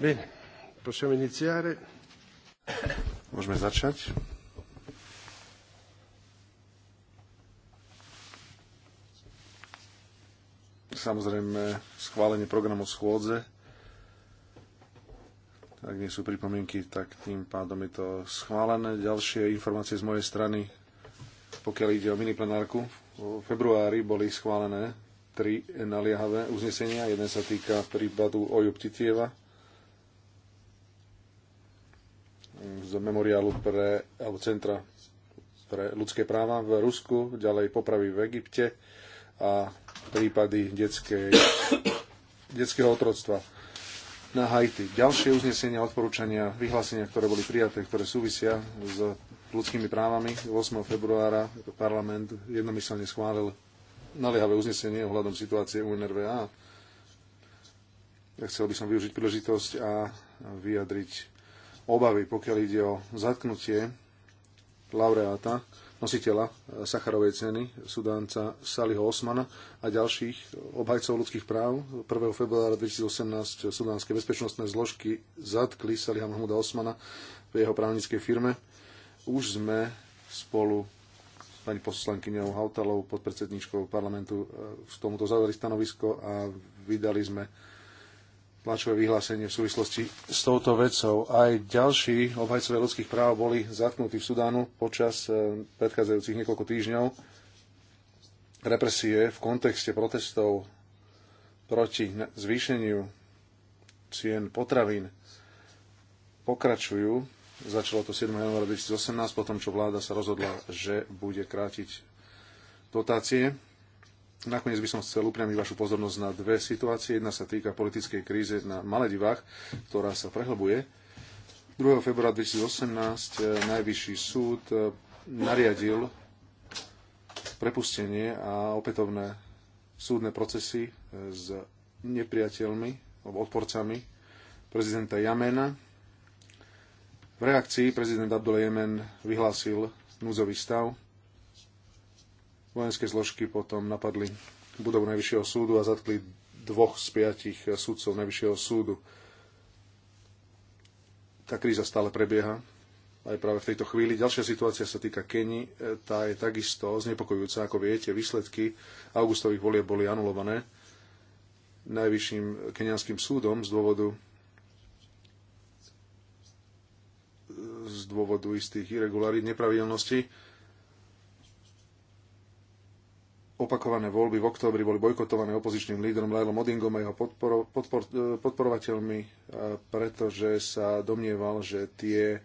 Bene, possiamo iniziare. Môžeme začať. Samozrejme, schválenie programu schôdze. Ak nie sú pripomienky, tak tým pádom je to schválené. Ďalšie informácie z mojej strany, pokiaľ ide o miniplenárku, v februári boli schválené tri naliehavé uznesenia. Jeden sa týka prípadu Ojub Titieva, z memoriálu pre, alebo Centra pre ľudské práva v Rusku, ďalej popravy v Egypte a prípady detskej, detského otroctva na Haiti. Ďalšie uznesenia, odporúčania, vyhlásenia, ktoré boli prijaté, ktoré súvisia s ľudskými právami. 8. februára parlament jednomyselne schválil naliehavé uznesenie ohľadom situácie UNRVA. Ja chcel by som využiť príležitosť a vyjadriť obavy, pokiaľ ide o zatknutie laureáta, nositeľa eh, Sacharovej ceny, sudánca Saliho Osmana a ďalších obhajcov ľudských práv. 1. februára 2018 sudánske bezpečnostné zložky zatkli Saliha Mahmuda Osmana v jeho právnickej firme. Už sme spolu s pani poslankyňou Hautalovou, podpredsedničkou parlamentu, eh, v tomuto zaujali stanovisko a vydali sme tlačové vyhlásenie v súvislosti s touto vecou. Aj ďalší obhajcovia ľudských práv boli zatknutí v Sudánu počas e, predchádzajúcich niekoľko týždňov. Represie v kontexte protestov proti zvýšeniu cien potravín pokračujú. Začalo to 7. januára 2018, potom čo vláda sa rozhodla, že bude krátiť dotácie Nakoniec by som chcel upriamiť vašu pozornosť na dve situácie. Jedna sa týka politickej kríze na Maledivách, ktorá sa prehlbuje. 2. februára 2018 eh, Najvyšší súd eh, nariadil prepustenie a opätovné súdne procesy eh, s nepriateľmi, alebo odporcami prezidenta Jamena. V reakcii prezident Abdul Jemen vyhlásil núzový stav vojenské zložky potom napadli budovu Najvyššieho súdu a zatkli dvoch z piatich súdcov Najvyššieho súdu. Tá kríza stále prebieha aj práve v tejto chvíli. Ďalšia situácia sa týka Keni. Tá je takisto znepokojujúca. Ako viete, výsledky augustových volieb boli anulované najvyšším kenianským súdom z dôvodu z dôvodu istých irregularít, nepravidelností Opakované voľby v októbri boli bojkotované opozičným lídrom Lajlom Odingom a jeho podporo, podpor, e, podporovateľmi, e, pretože sa domnieval, že tie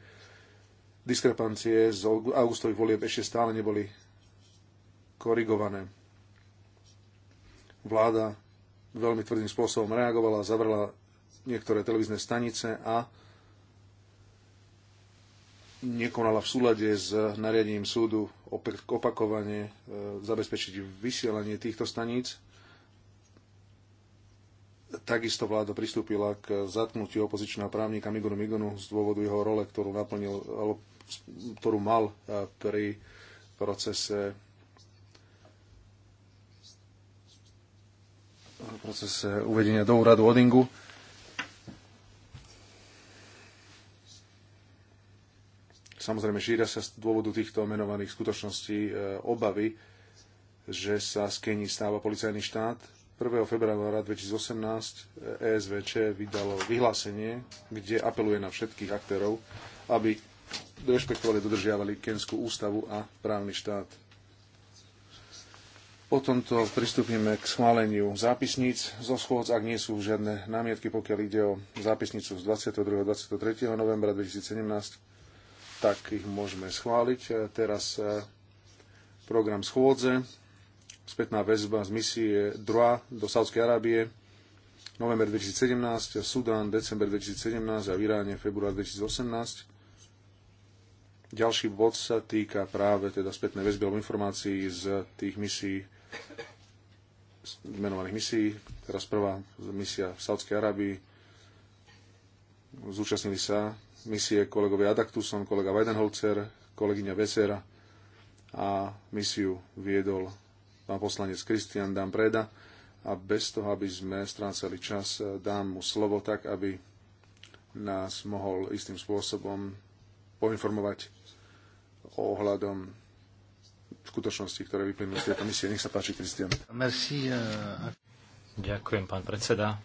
diskrepancie z augustových volieb ešte stále neboli korigované. Vláda veľmi tvrdým spôsobom reagovala, zavrela niektoré televízne stanice a nekonala v súlade s nariadením súdu opakovane e, zabezpečiť vysielanie týchto staníc. Takisto vláda pristúpila k zatknutiu opozičného právnika Migonu Migonu z dôvodu jeho role, ktorú, naplnil, ktorú mal e, pri procese procese uvedenia do úradu Odingu. Samozrejme, šíria sa z dôvodu týchto menovaných skutočností e, obavy, že sa z Kenii stáva policajný štát. 1. februára 2018 ESVČ vydalo vyhlásenie, kde apeluje na všetkých aktérov, aby rešpektovali, dodržiavali Kenskú ústavu a právny štát. Po tomto pristúpime k schváleniu zápisníc zo schôdz, ak nie sú žiadne námietky, pokiaľ ide o zápisnicu z 22. a 23. novembra 2017 tak ich môžeme schváliť. E, teraz e, program schôdze, spätná väzba z misie DROA do Sádskej Arábie, november 2017, Sudán, december 2017 a v Iráne február 2018. Ďalší bod sa týka práve teda spätnej väzby alebo informácií z tých misií, menovaných misí. Teraz prvá misia v Sádskej Arábii. Zúčastnili sa misie kolegovia Adaktuson, kolega Weidenholzer, kolegyňa Vesera a misiu viedol pán poslanec Kristian Dan Preda a bez toho, aby sme strácali čas, eh, dám mu slovo tak, aby nás mohol istým spôsobom poinformovať ohľadom skutočnosti, ktoré vyplynú z tejto misie. Nech sa páči, Kristian. Merci. Eh, Ďakujem, pán predseda.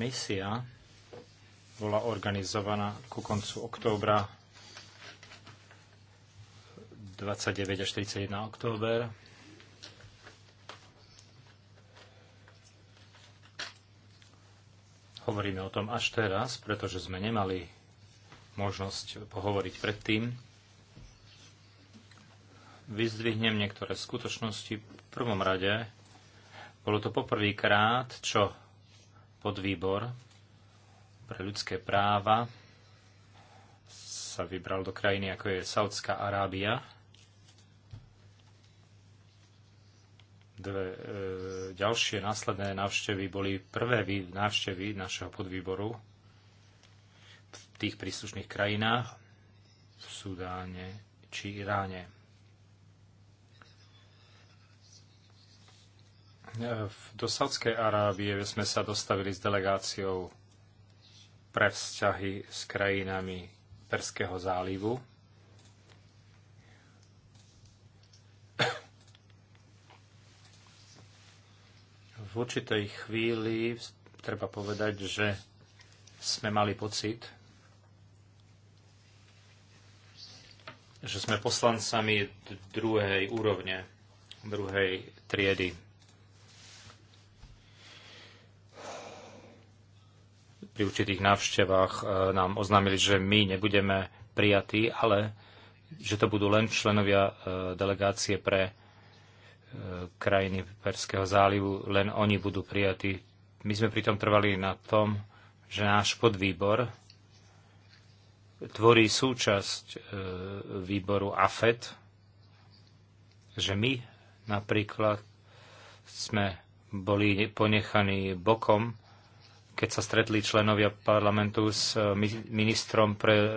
Misia bola organizovaná ku koncu októbra 29 až 31 október. Hovoríme o tom až teraz, pretože sme nemali možnosť pohovoriť predtým. Vyzdvihnem niektoré skutočnosti. V prvom rade bolo to poprvýkrát, čo podvýbor pre ľudské práva sa vybral do krajiny ako je Saudská Arábia. Dve e, ďalšie následné návštevy boli prvé návštevy našeho podvýboru v tých príslušných krajinách v Sudáne či Iráne. E, do Saudskej Arábie sme sa dostavili s delegáciou pre vzťahy s krajinami Perského zálivu. V určitej chvíli treba povedať, že sme mali pocit, že sme poslancami druhej úrovne, druhej triedy pri určitých návštevách e, nám oznámili, že my nebudeme prijatí, ale že to budú len členovia e, delegácie pre e, krajiny Perského zálivu, len oni budú prijatí. My sme pritom trvali na tom, že náš podvýbor tvorí súčasť výboru AFET, že my napríklad sme boli ponechaní bokom keď sa stretli členovia parlamentu s eh, ministrom pre eh,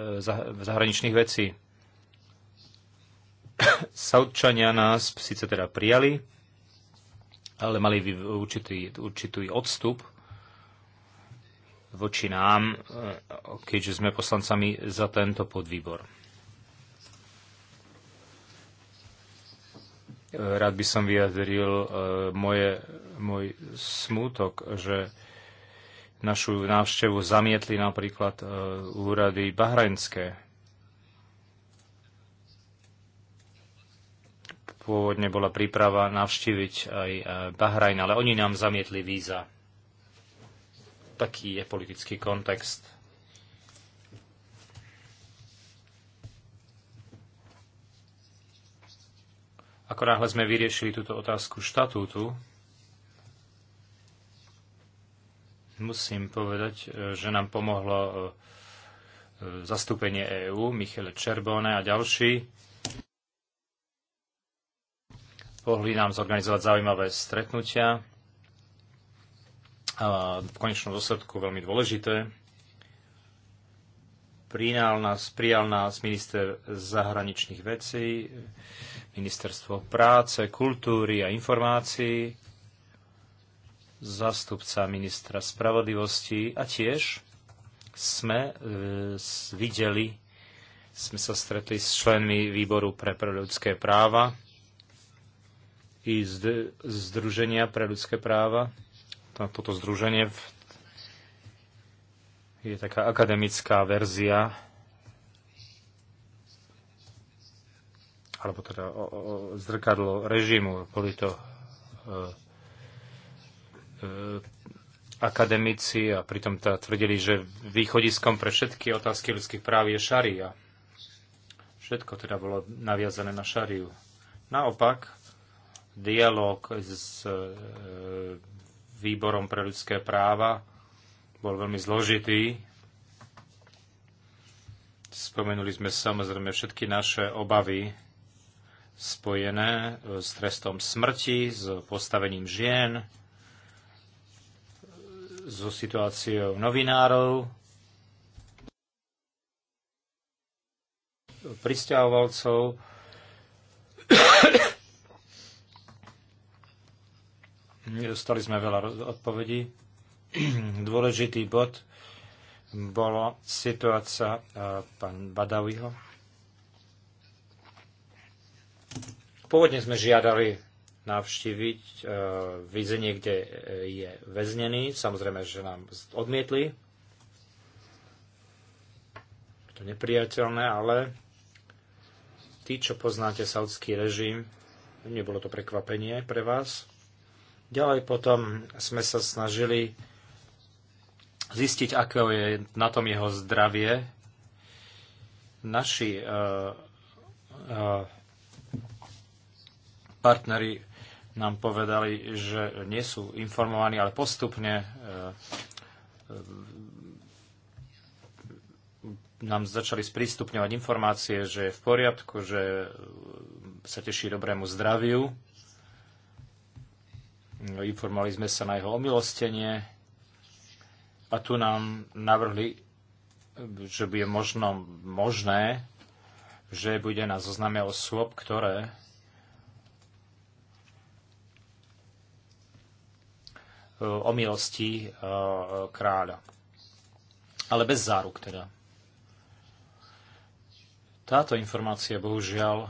zahraničných vecí. Saudčania nás síce teda prijali, ale mali určitý, určitý odstup voči nám, eh, keďže sme poslancami za tento podvýbor. Rád by som vyjadril moje, môj smútok, že Našu návštevu zamietli napríklad e, úrady bahrajnské. Pôvodne bola príprava navštíviť aj e, Bahrajn, ale oni nám zamietli víza. Taký je politický kontext. Ako náhle sme vyriešili túto otázku štatútu, Musím povedať, e, že nám pomohlo e, e, zastúpenie EÚ, Michele Čerbone a ďalší. Pohli nám zorganizovať zaujímavé stretnutia a v konečnom dôsledku veľmi dôležité. Prijal nás, prijal nás minister zahraničných vecí, ministerstvo práce, kultúry a informácií, zástupca ministra spravodlivosti a tiež sme e, videli, sme sa stretli s členmi výboru pre ľudské práva i Združenia pre ľudské práva. Toto združenie je taká akademická verzia alebo teda o, o, zrkadlo režimu, boli to e, Eh, akademici a pritom tá teda tvrdili, že východiskom pre všetky otázky ľudských práv je šaria. Všetko teda bolo naviazané na šariu. Naopak, dialog s eh, výborom pre ľudské práva bol veľmi zložitý. Spomenuli sme samozrejme všetky naše obavy spojené eh, s trestom smrti, s postavením žien, so situáciou novinárov, pristahovalcov, Dostali sme veľa odpovedí. Dôležitý bod bola situácia e, pán Badawiho. Pôvodne sme žiadali navštíviť e, väzenie, kde e, je väznený. Samozrejme, že nám odmietli. Je to nepriateľné, ale tí, čo poznáte saudský režim, nebolo to prekvapenie pre vás. Ďalej potom sme sa snažili zistiť, aké je na tom jeho zdravie. Naši uh, uh, partneri nám povedali, že nie sú informovaní, ale postupne e, nám začali sprístupňovať informácie, že je v poriadku, že sa teší dobrému zdraviu. Informovali sme sa na jeho omilostenie a tu nám navrhli, že je možno možné, že bude na zozname osôb, ktoré E, o milosti e, kráľa. Ale bez záruk teda. Táto informácia bohužiaľ e,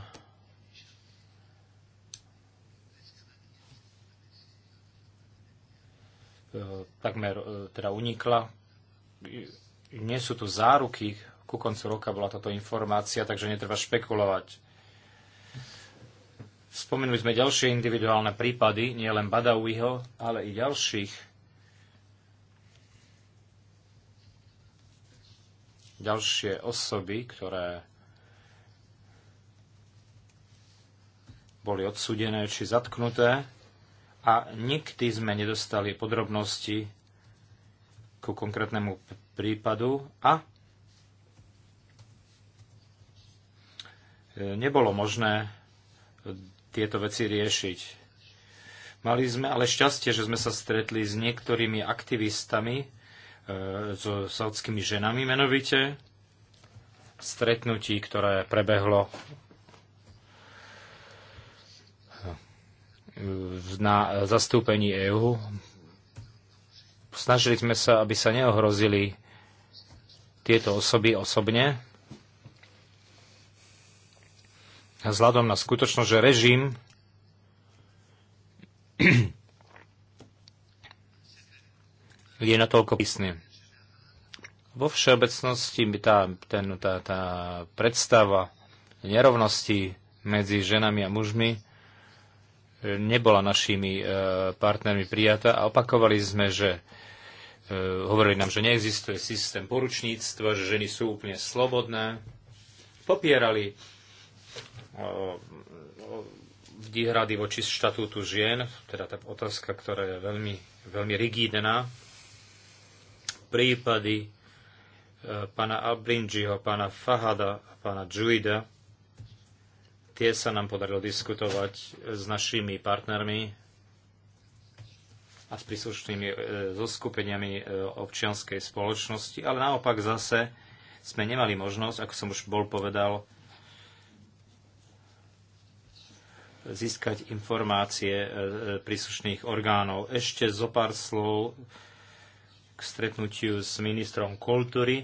takmer teda unikla. Nie sú tu záruky, ku koncu roka bola táto informácia, takže netreba špekulovať Spomenuli sme ďalšie individuálne prípady, nielen Badawiho, ale i ďalších. Ďalšie osoby, ktoré boli odsudené či zatknuté a nikdy sme nedostali podrobnosti ku konkrétnemu prípadu a e, nebolo možné tieto veci riešiť. Mali sme ale šťastie, že sme sa stretli s niektorými aktivistami, e, so saudskými ženami menovite, stretnutí, ktoré prebehlo e, na zastúpení EÚ. Snažili sme sa, aby sa neohrozili tieto osoby osobne, vzhľadom na skutočnosť, že režim je natoľko písny. Vo všeobecnosti by tá, ten, tá, tá predstava nerovnosti medzi ženami a mužmi e, nebola našimi e, partnermi prijatá a opakovali sme, že e, hovorili nám, že neexistuje systém poručníctva, že ženy sú úplne slobodné. Popierali Eh, výhrady voči štatútu žien, teda tá otázka, ktorá je veľmi, veľmi rigidná. Prípady e, pána Albringiho, pána Fahada a pána Juida, tie sa nám podarilo diskutovať eh, s našimi partnermi a s príslušnými e, zoskupeniami e, občianskej spoločnosti, ale naopak zase sme nemali možnosť, ako som už bol povedal, získať informácie e, príslušných orgánov. Ešte zo pár slov k stretnutiu s ministrom kultúry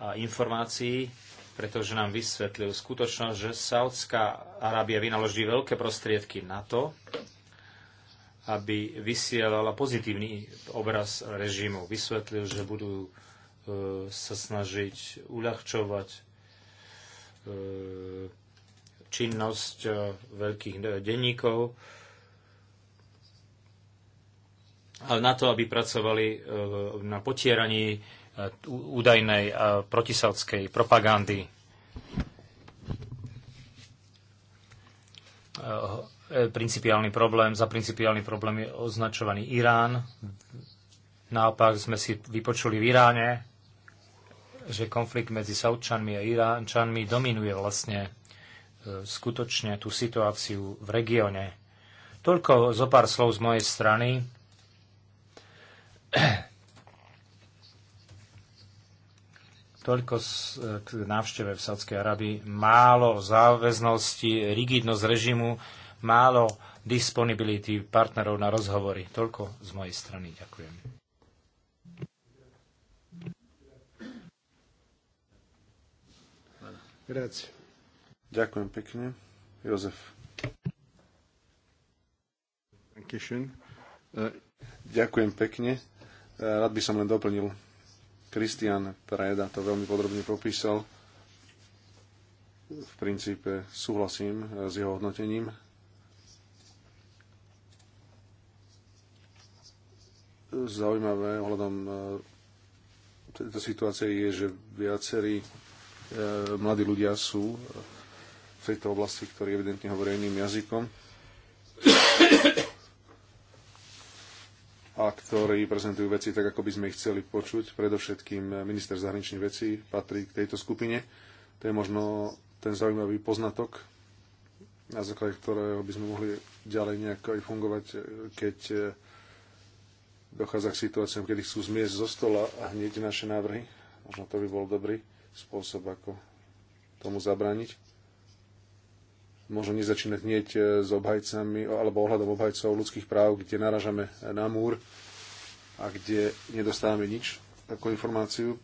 a informácií, pretože nám vysvetlil skutočnosť, že Saudská Arábia vynaloží veľké prostriedky na to, aby vysielala pozitívny obraz režimu. Vysvetlil, že budú e, sa snažiť uľahčovať e, činnosť e, veľkých e, denníkov, ale na to, aby pracovali e, na potieraní údajnej protisaudskej propagandy. Principiálny problém, za principiálny problém je označovaný Irán. Naopak sme si vypočuli v Iráne, že konflikt medzi Saudčanmi a Iránčanmi dominuje vlastne skutočne tú situáciu v regióne. Toľko zo pár slov z mojej strany. Toľko k návšteve v Sádskej Arabii. Málo záväznosti, rigidnosť režimu, málo disponibility partnerov na rozhovory. Toľko z mojej strany. Ďakujem. Grazie. Ďakujem pekne. Jozef. Äh, Ďakujem pekne. Äh, rád by som len doplnil. Kristian Preda to veľmi podrobne popísal. V princípe súhlasím äh, s jeho hodnotením. Zaujímavé ohľadom tejto situácie je, že viacerí mladí ľudia sú v tejto oblasti, ktorý evidentne hovorí iným jazykom a ktorí prezentujú veci tak, ako by sme ich chceli počuť. Predovšetkým minister zahraničných vecí patrí k tejto skupine. To je možno ten zaujímavý poznatok, na základe ktorého by sme mohli ďalej nejako aj fungovať, keď dochádza k situáciám, kedy chcú zmiesť zo stola a hneď naše návrhy. Možno to by bol dobrý spôsob, ako tomu zabrániť možno nezačínať hneď e, s obhajcami alebo ohľadom obhajcov ľudských práv, kde naražame na múr a kde nedostávame nič ako informáciu.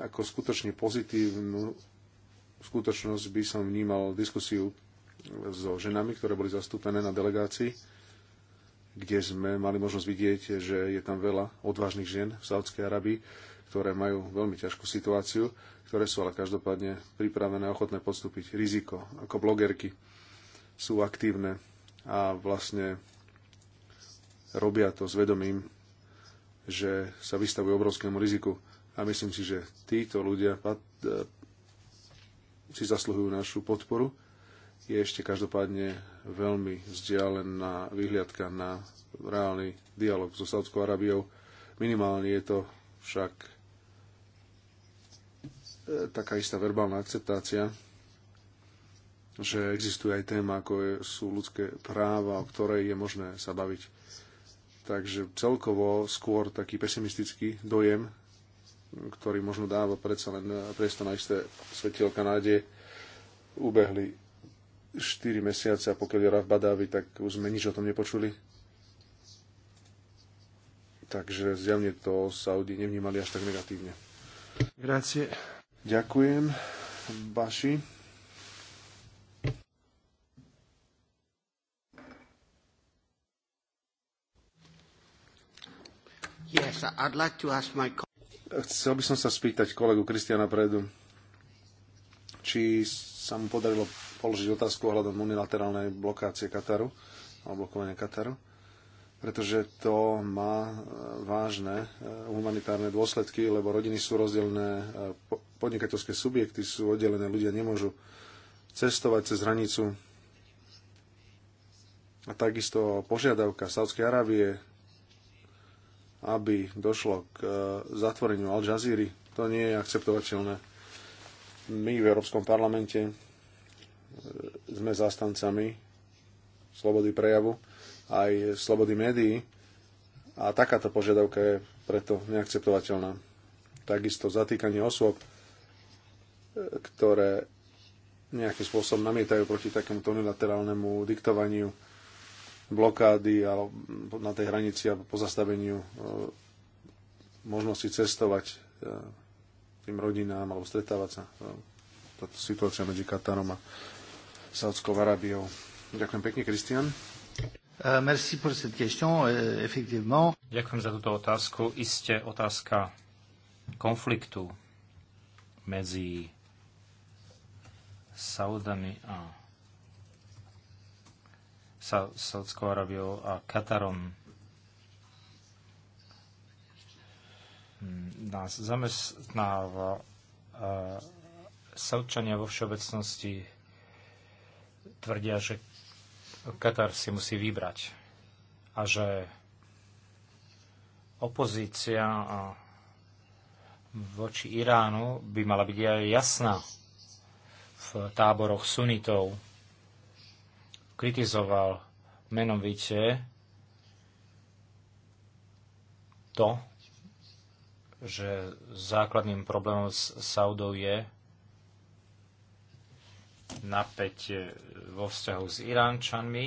Ako skutočne pozitívnu skutočnosť by som vnímal diskusiu so ženami, ktoré boli zastúpené na delegácii, kde sme mali možnosť vidieť, že je tam veľa odvážnych žien v Saudskej Arabii, ktoré majú veľmi ťažkú situáciu, ktoré sú ale každopádne pripravené a ochotné podstúpiť riziko ako blogerky sú aktívne a vlastne robia to s vedomím, že sa vystavujú obrovskému riziku. A myslím si, že títo ľudia si zasluhujú našu podporu. Je ešte každopádne veľmi vzdialená vyhliadka na reálny dialog so Saudskou Arabiou. Minimálne je to však e, taká istá verbálna akceptácia že existuje aj téma, ako sú ľudské práva, o ktorej je možné sa baviť. Takže celkovo skôr taký pesimistický dojem, ktorý možno dáva predsa len priestor na isté svetielka Kanáde. ubehli 4 mesiace a pokiaľ je Rav Badavi, tak už sme nič o tom nepočuli. Takže zjavne to Saudi nevnímali až tak negatívne. Grazie. Ďakujem, Baši. Yes, I'd like to ask my... Chcel by som sa spýtať kolegu Kristiana Predu, či sa mu podarilo položiť otázku ohľadom unilaterálnej blokácie Kataru, alebo blokovania Kataru, pretože to má e, vážne e, humanitárne dôsledky, lebo rodiny sú rozdelené, e, podnikateľské subjekty sú oddelené, ľudia nemôžu cestovať cez hranicu. A takisto požiadavka Saudskej Arábie aby došlo k e, zatvoreniu Al Jazeera. To nie je akceptovateľné. My v Európskom parlamente e, sme zastancami slobody prejavu aj slobody médií a takáto požiadavka je preto neakceptovateľná. Takisto zatýkanie osôb, e, ktoré nejakým spôsobom namietajú proti takémuto unilaterálnemu diktovaniu blokády na tej hranici a pozastaveniu e, možnosti cestovať e, tým rodinám alebo stretávať sa. E, táto situácia medzi Katarom a Sáudskou Arábiou. Ďakujem pekne, Kristian. Ďakujem za túto otázku. Isté otázka konfliktu medzi Saudami a sa Saudskou Arabiou a Katarom. Hmm, Nás zamestnáva eh, Saudčania vo všeobecnosti tvrdia, že Katar si musí vybrať a že opozícia voči Iránu by mala byť aj jasná v táboroch sunitov kritizoval menovite to, že základným problémom s Saudou je napätie vo vzťahu s Iránčanmi.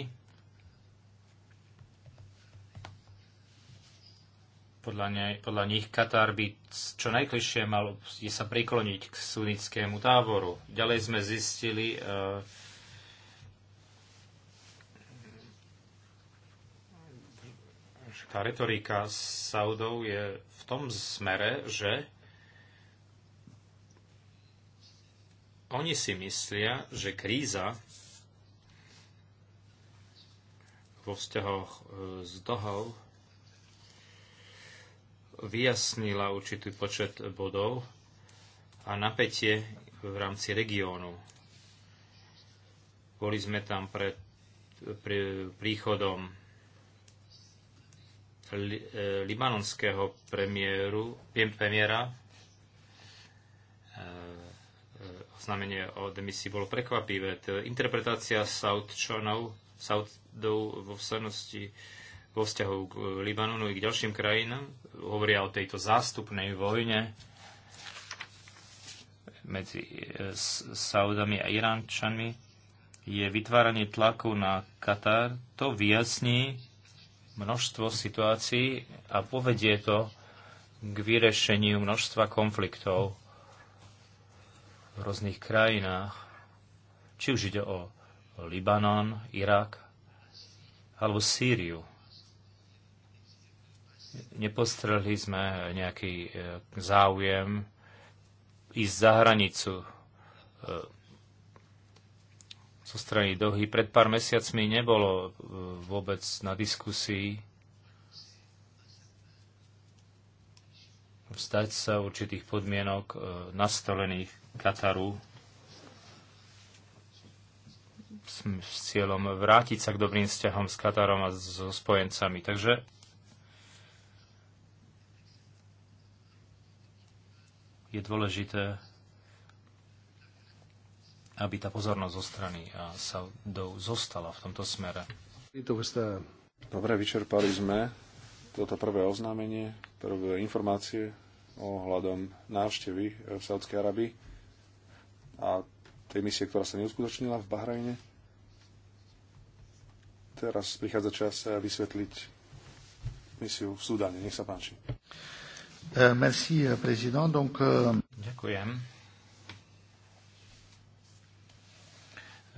Podľa, ne, podľa nich Katar by čo najbližšie mal sa prikloniť k sunnickému táboru. Ďalej sme zistili, eh, tá retorika Saudov je v tom smere, že oni si myslia, že kríza vo vzťahoch e, s Dohou vyjasnila určitý počet bodov a napätie v rámci regiónu. Boli sme tam pred príchodom li, e, libanonského premiéru, premiéra. E, e, oznámenie o demisii bolo prekvapivé. interpretácia Saudčanov, Saudov vo vzťahu, vo vzťahu k Libanonu i k ďalším krajinám hovoria o tejto zástupnej vojne medzi e, Saudami a Iránčanmi je vytváranie tlaku na Katar. To vyjasní množstvo situácií a povedie to k vyriešeniu množstva konfliktov v rôznych krajinách. Či už ide o Libanon, Irak alebo Sýriu. Nepostrelili sme nejaký e, záujem ísť za hranicu e, zo strany Dohy. Pred pár mesiacmi nebolo e, vôbec na diskusii vzdať sa určitých podmienok e, nastolených Kataru s cieľom vrátiť sa k dobrým vzťahom s Katarom a so spojencami. Takže je dôležité aby tá pozornosť zo strany Saudov zostala v tomto smere. Dobre, vyčerpali sme toto prvé oznámenie, prvé informácie o ohľadom návštevy e, v Saudskej Arabii a tej misie, ktorá sa neuskutočnila v Bahrajne. Teraz prichádza čas e, vysvetliť misiu v Sudáne. Nech sa páči. Eh, merci, eh, prezident. Donc... Eh, Ďakujem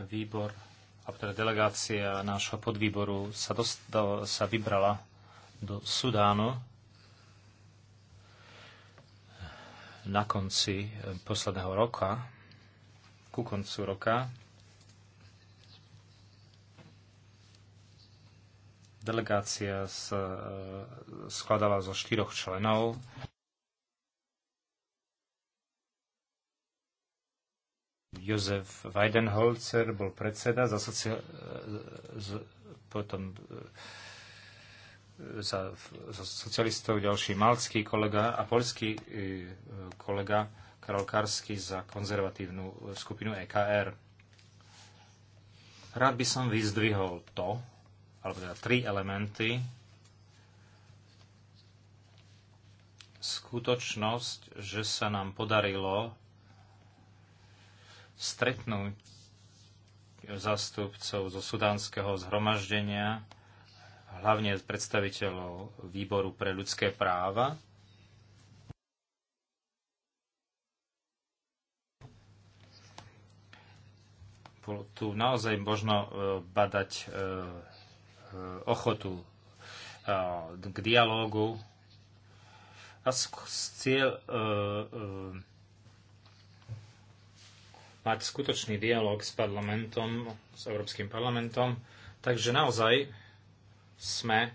výbor, a teda delegácia nášho podvýboru sa, dostal, sa vybrala do Sudánu na konci eh, posledného roka, ku koncu roka. Delegácia sa eh, skladala zo štyroch členov. Jozef Weidenholzer bol predseda, za socia- z, potom e, za, za socialistov ďalší malcký kolega a polský e, kolega Karol Karsky za konzervatívnu skupinu EKR. Rád by som vyzdvihol to, alebo teda tri elementy, skutočnosť, že sa nám podarilo stretnúť zastupcov zo sudánskeho zhromaždenia, hlavne predstaviteľov Výboru pre ľudské práva. Tu naozaj možno e, badať e, e, ochotu k dialógu a cieľ mať skutočný dialog s parlamentom, s Európskym parlamentom. Takže naozaj sme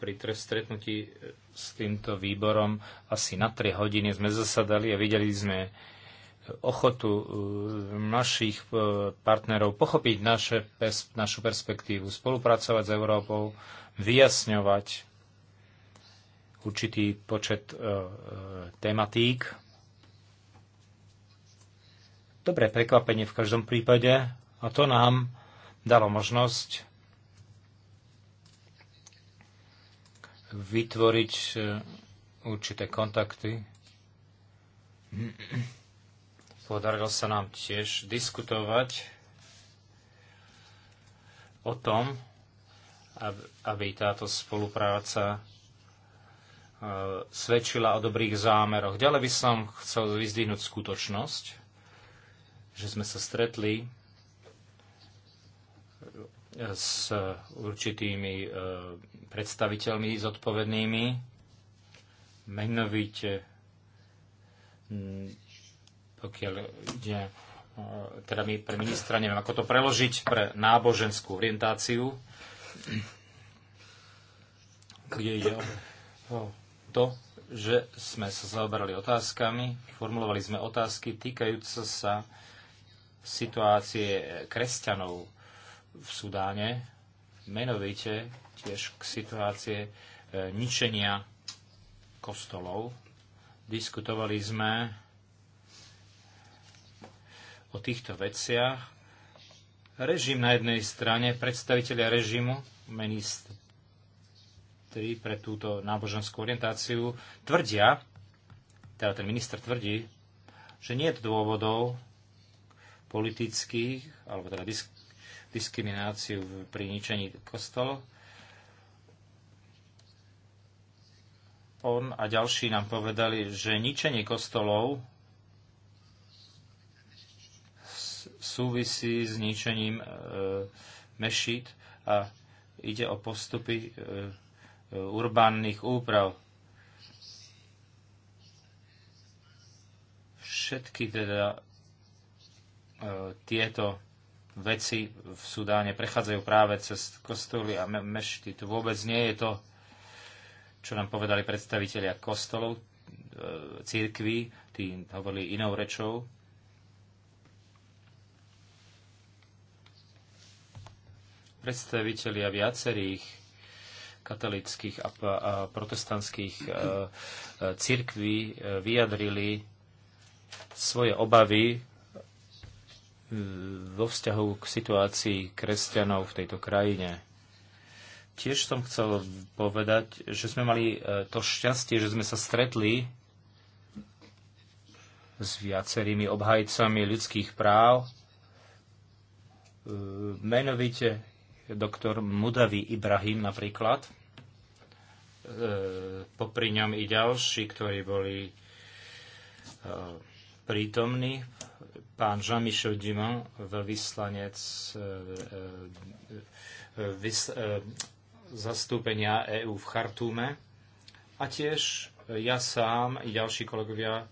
pri stretnutí s týmto výborom asi na 3 hodiny sme zasadali a videli sme ochotu e, našich e, partnerov pochopiť naše, našu perspektívu, spolupracovať s Európou, vyjasňovať určitý počet e, tematík, dobré prekvapenie v každom prípade a to nám dalo možnosť vytvoriť e, určité kontakty. Podarilo sa nám tiež diskutovať o tom, aby táto spolupráca e, svedčila o dobrých zámeroch. Ďalej by som chcel vyzdvihnúť skutočnosť, že sme sa stretli s určitými e, predstaviteľmi zodpovednými, menovite pokiaľ ide e, teda my pre ministra, neviem ako to preložiť, pre náboženskú orientáciu, kde ide o to, že sme sa zaoberali otázkami, formulovali sme otázky týkajúce sa situácie kresťanov v Sudáne, menovite tiež k situácie e, ničenia kostolov. Diskutovali sme o týchto veciach. Režim na jednej strane, predstaviteľia režimu, ministri pre túto náboženskú orientáciu, tvrdia, teda ten minister tvrdí, že nie je dôvodov politických, alebo teda disk, diskrimináciu pri ničení kostol. On a ďalší nám povedali, že ničenie kostolov súvisí s ničením e, mešít a ide o postupy e, e urbánnych úprav. Všetky teda E, tieto veci v Sudáne prechádzajú práve cez kostoly a me- mešty. Tu vôbec nie je to, čo nám povedali predstavitelia kostolov, e, církví, tí hovorili inou rečou. Predstavitelia viacerých katolických a, a protestantských e, e církví e, vyjadrili svoje obavy vo vzťahu k situácii kresťanov v tejto krajine. Tiež som chcel povedať, že sme mali e, to šťastie, že sme sa stretli s viacerými obhajcami ľudských práv, e, menovite doktor Mudavi Ibrahim napríklad. E, popri ňom i ďalší, ktorí boli prítomní pán Jean-Michel Dumont, veľvyslanec e, e, e, zastúpenia EÚ v Chartúme a tiež ja sám i ďalší kolegovia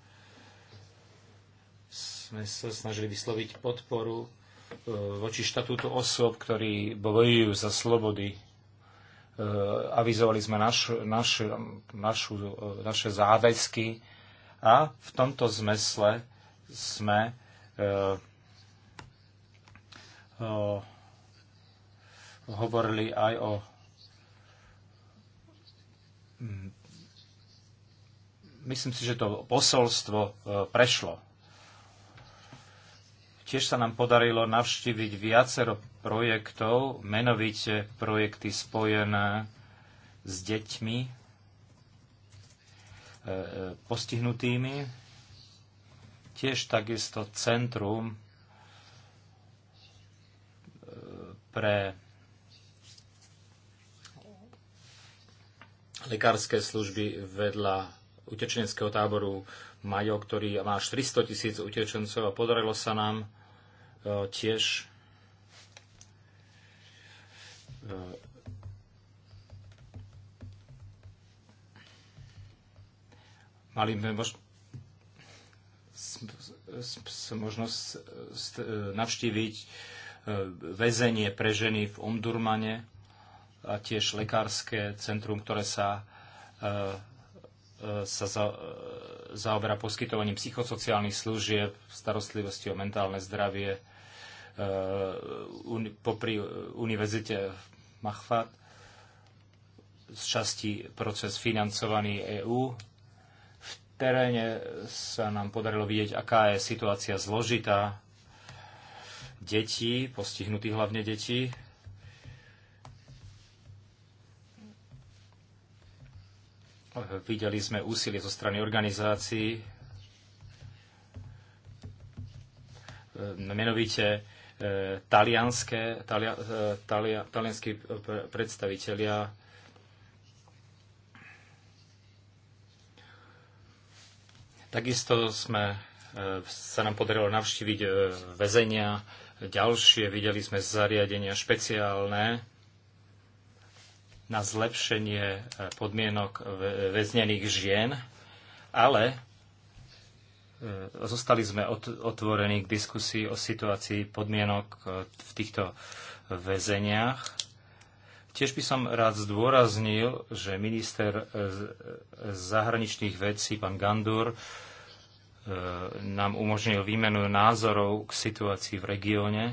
sme sa snažili vysloviť podporu voči štatútu osôb, ktorí bojujú za slobody. Avizovali sme naš, naš, našu, naše záväzky a v tomto zmysle sme Eh, eh, hovorili aj o mm, myslím si, že to posolstvo eh, prešlo. Tiež sa nám podarilo navštíviť viacero projektov, menovite projekty spojené s deťmi postihnutými tiež takisto centrum e, pre lekárske služby vedľa utečeneckého táboru Majo, ktorý má až 300 tisíc utečencov a podarilo sa nám e, tiež e, mali sme možnosť e, e, navštíviť e, väzenie pre ženy v Omdurmane a tiež lekárske centrum, ktoré sa, sa za, zaoberá poskytovaním psychosociálnych služieb, starostlivosti o mentálne zdravie popri univerzite Machfad z časti proces financovaný EÚ teréne sa nám podarilo vidieť, aká je situácia zložitá detí, postihnutých hlavne detí. Videli sme úsilie zo strany organizácií, menovite e, talianské, talia, e, talia, talianskí predstavitelia Takisto sme, e, sa nám podarilo navštíviť e, väzenia ďalšie. Videli sme zariadenia špeciálne na zlepšenie e, podmienok väznených žien, ale zostali sme otvorení k diskusii o situácii podmienok v týchto väzeniach. Tiež by som rád zdôraznil, že minister zahraničných vecí, pán Gandur, E, nám umožnil výmenu názorov k situácii v regióne,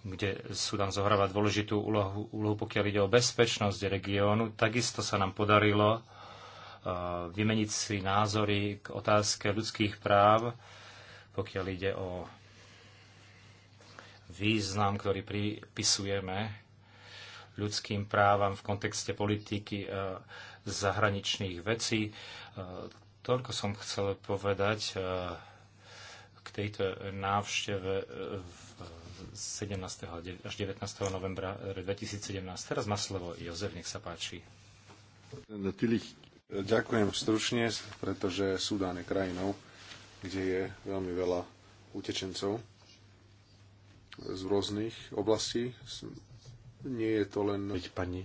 kde Sudan zohráva dôležitú úlohu, úlohu pokiaľ ide o bezpečnosť regiónu. Takisto sa nám podarilo e, vymeniť si názory k otázke ľudských práv, pokiaľ ide o význam, ktorý pripisujeme ľudským právam v kontexte politiky e, zahraničných vecí, Toľko som chcel povedať eh, k tejto návšteve eh, v 17. až 19. novembra 2017. Eh, Teraz má slovo Jozef, nech sa páči. Ďakujem stručne, pretože Sudán je krajinou, kde je veľmi veľa utečencov z rôznych oblastí. Nie je to len... Pani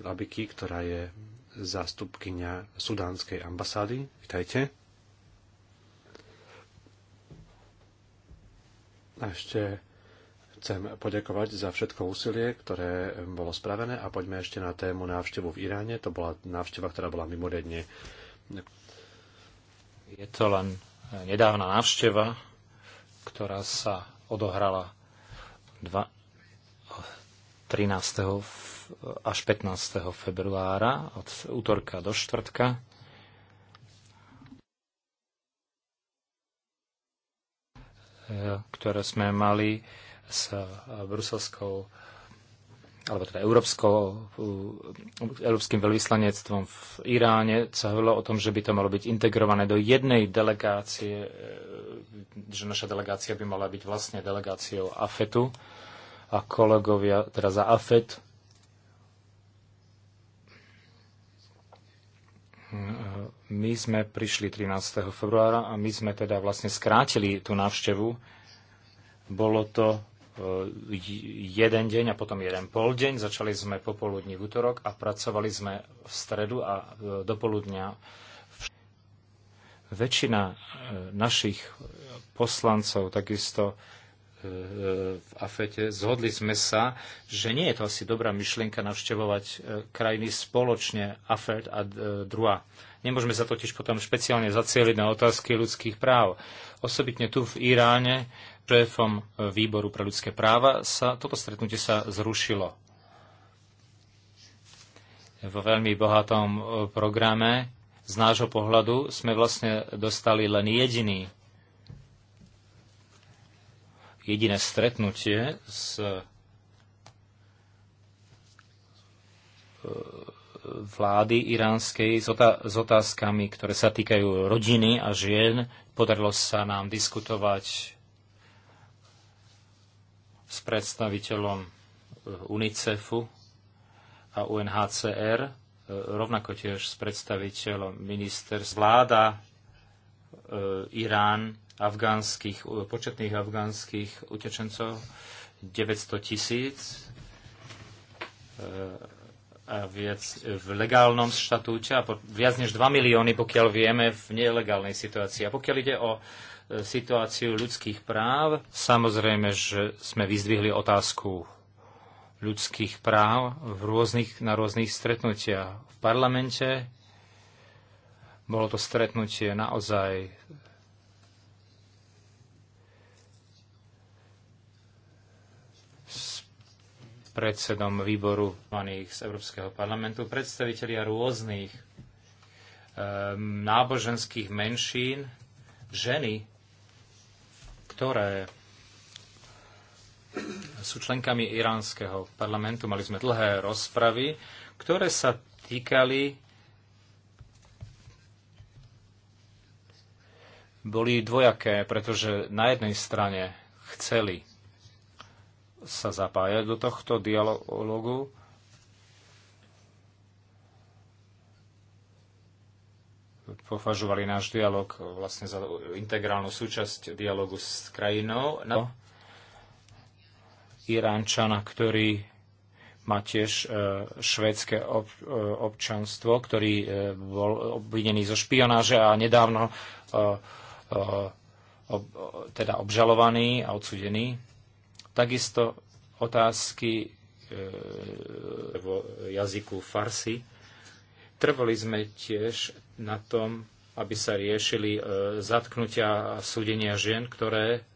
Labiky, ktorá je zástupkynia sudánskej ambasády. Vítajte. A ešte chcem poďakovať za všetko úsilie, ktoré bolo spravené a poďme ešte na tému návštevu v Iráne. To bola návšteva, ktorá bola mimoriadne. Je to len nedávna návšteva, ktorá sa odohrala 2, 13 až 15. februára od útorka do štvrtka. E, ktoré sme mali s e, bruselskou alebo teda európskou, e, európskym veľvyslanectvom v Iráne sa hovorilo o tom, že by to malo byť integrované do jednej delegácie, že naša delegácia by mala byť vlastne delegáciou AFETu a kolegovia, teda za AFET, Mm, my sme prišli 13. februára a my sme teda vlastne skrátili tú návštevu. Bolo to e, jeden deň a potom jeden pol deň. Začali sme popoludní v útorok a pracovali sme v stredu a e, do poludnia. Väčšina e, našich poslancov takisto v Afete. Zhodli sme sa, že nie je to asi dobrá myšlienka navštevovať e, krajiny spoločne Afet a e, Drua. Nemôžeme sa totiž potom špeciálne zacieliť na otázky ľudských práv. Osobitne tu v Iráne šéfom e, výboru pre ľudské práva sa toto stretnutie sa zrušilo. Vo veľmi bohatom programe z nášho pohľadu sme vlastne dostali len jediný jediné stretnutie s e, vlády iránskej s otázkami, ktoré sa týkajú rodiny a žien. Podarilo sa nám diskutovať s predstaviteľom e, UNICEFu a UNHCR, e, rovnako tiež s predstaviteľom ministerstva vláda Irán afgánskych, početných afgánskych utečencov 900 tisíc eh, a viac v legálnom štatúte a viac než 2 milióny, pokiaľ vieme, v nelegálnej situácii. A pokiaľ ide o eh, situáciu ľudských práv, samozrejme, že sme vyzdvihli otázku ľudských práv v rôznych, na rôznych stretnutiach v parlamente. Bolo to stretnutie naozaj predsedom výboru z Európskeho parlamentu, predstavitelia rôznych ehm, náboženských menšín, ženy, ktoré sú členkami iránskeho parlamentu. Mali sme dlhé rozpravy, ktoré sa týkali boli dvojaké, pretože na jednej strane chceli sa zapájať do tohto dialogu. Považovali náš dialog vlastne za integrálnu súčasť dialogu s krajinou. No, Iránčana, ktorý má tiež e, švédske ob, e, občanstvo, ktorý e, bol obvinený zo špionáže a nedávno teda obžalovaný a odsudený Takisto otázky e, vo jazyku farsi. Trvali sme tiež na tom, aby sa riešili e, zatknutia a súdenia žien, ktoré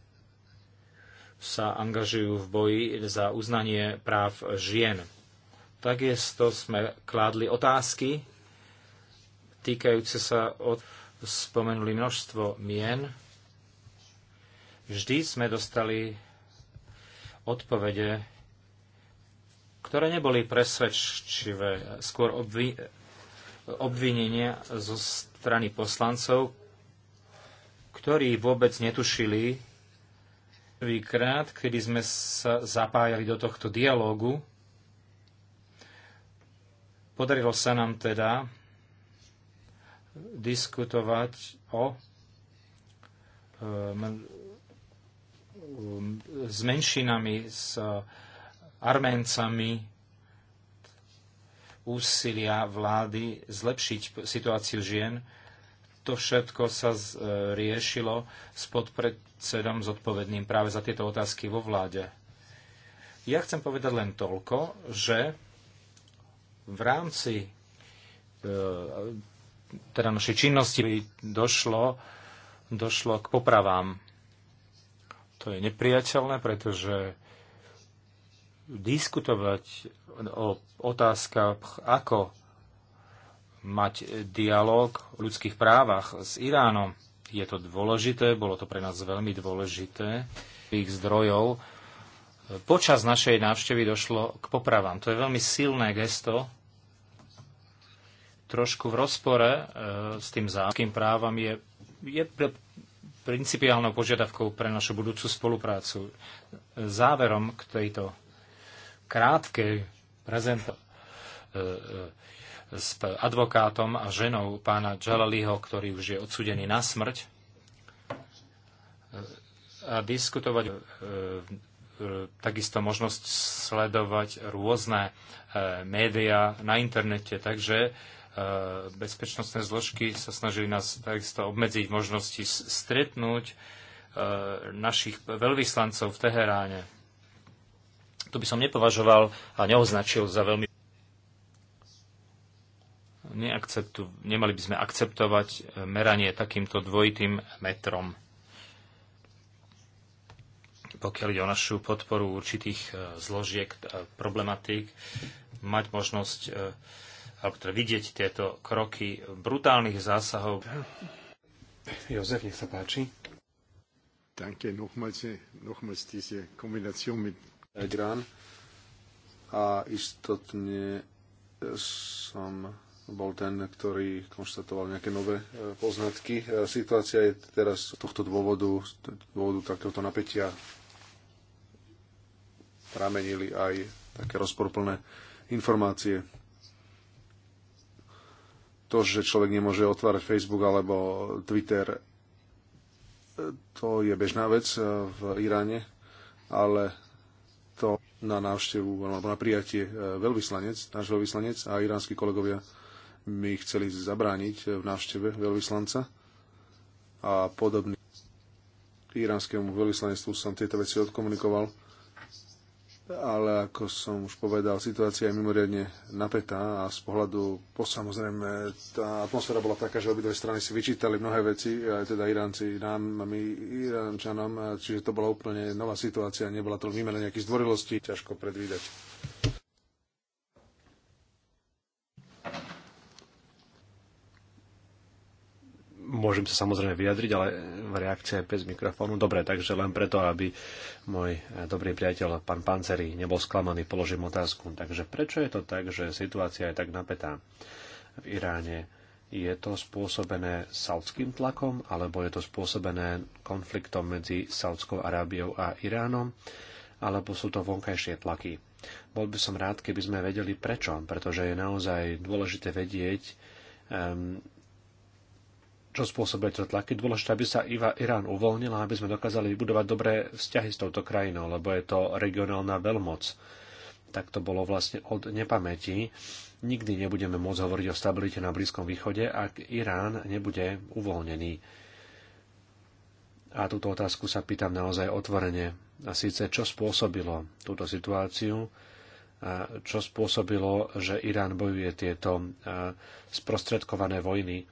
sa angažujú v boji za uznanie práv žien. Takisto sme kládli otázky týkajúce sa od... Spomenuli množstvo mien. Vždy sme dostali odpovede, ktoré neboli presvedčivé, skôr obvi- obvinenia zo strany poslancov, ktorí vôbec netušili prvýkrát, kedy sme sa zapájali do tohto dialógu. Podarilo sa nám teda diskutovať o e, Um, s menšinami, s uh, Arméncami úsilia vlády zlepšiť situáciu žien. To všetko sa z, uh, riešilo s podpredsedom zodpovedným práve za tieto otázky vo vláde. Ja chcem povedať len toľko, že v rámci e, teda našej činnosti došlo, došlo k popravám to je nepriateľné, pretože diskutovať o otázkach, ako mať dialog o ľudských právach s Iránom, je to dôležité, bolo to pre nás veľmi dôležité, ich zdrojov. Počas našej návštevy došlo k popravám. To je veľmi silné gesto, trošku v rozpore e, s tým zámským právam je, je principiálnou požiadavkou pre našu budúcu spoluprácu. Záverom k tejto krátkej prezentácii e, e, s advokátom a ženou pána Jalaliho, ktorý už je odsudený na smrť, e, a diskutovať takisto možnosť sledovať rôzne médiá na internete. Takže E, bezpečnostné zložky sa snažili nás takisto obmedziť možnosti stretnúť e, našich veľvyslancov v Teheráne. To by som nepovažoval a neoznačil za veľmi neakceptu, nemali by sme akceptovať e, meranie takýmto dvojitým metrom. Pokiaľ ide o našu podporu určitých zložiek, problematík, mať možnosť alebo teda vidieť tieto kroky brutálnych zásahov. Jozef, nech sa páči. Danke, nochmals, nochmals diese Kombination mit Gran. A istotne eh, som bol ten, ktorý konštatoval nejaké nové eh, poznatky. Eh, situácia je teraz z tohto dôvodu, dôvodu takéhoto napätia pramenili aj také rozporplné informácie. To, že človek nemôže otvárať Facebook alebo Twitter, e, to je bežná vec e, v Iráne, ale to na návštevu alebo na prijatie e, veľvyslanec, náš veľvyslanec a iránsky kolegovia mi chceli zabrániť v návšteve veľvyslanca a podobne iránskemu veľvyslanectvu som tieto veci odkomunikoval ale ako som už povedal, situácia je mimoriadne napätá a z pohľadu, po samozrejme, tá atmosféra bola taká, že obidve strany si vyčítali mnohé veci, aj teda Iránci nám, my Iránčanom, čiže to bola úplne nová situácia, nebola to výmena nejakých zdvorilostí, ťažko predvídať. Môžem sa samozrejme vyjadriť, ale reakcia bez mikrofónu. Dobre, takže len preto, aby môj eh, dobrý priateľ, pán Panceri, nebol sklamaný, položím otázku. Takže prečo je to tak, že situácia je tak napätá v Iráne? Je to spôsobené saudským tlakom, alebo je to spôsobené konfliktom medzi Saudskou Arábiou a Iránom, alebo sú to vonkajšie tlaky? Bol by som rád, keby sme vedeli prečo, pretože je naozaj dôležité vedieť, um, čo spôsobuje to tlaky. dôležité, aby sa Iva, Irán uvoľnil a aby sme dokázali vybudovať dobré vzťahy s touto krajinou, lebo je to regionálna veľmoc. Tak to bolo vlastne od nepamäti. Nikdy nebudeme môcť hovoriť o stabilite na Blízkom východe, ak Irán nebude uvoľnený. A túto otázku sa pýtam naozaj otvorene. A síce, čo spôsobilo túto situáciu, a čo spôsobilo, že Irán bojuje tieto sprostredkované vojny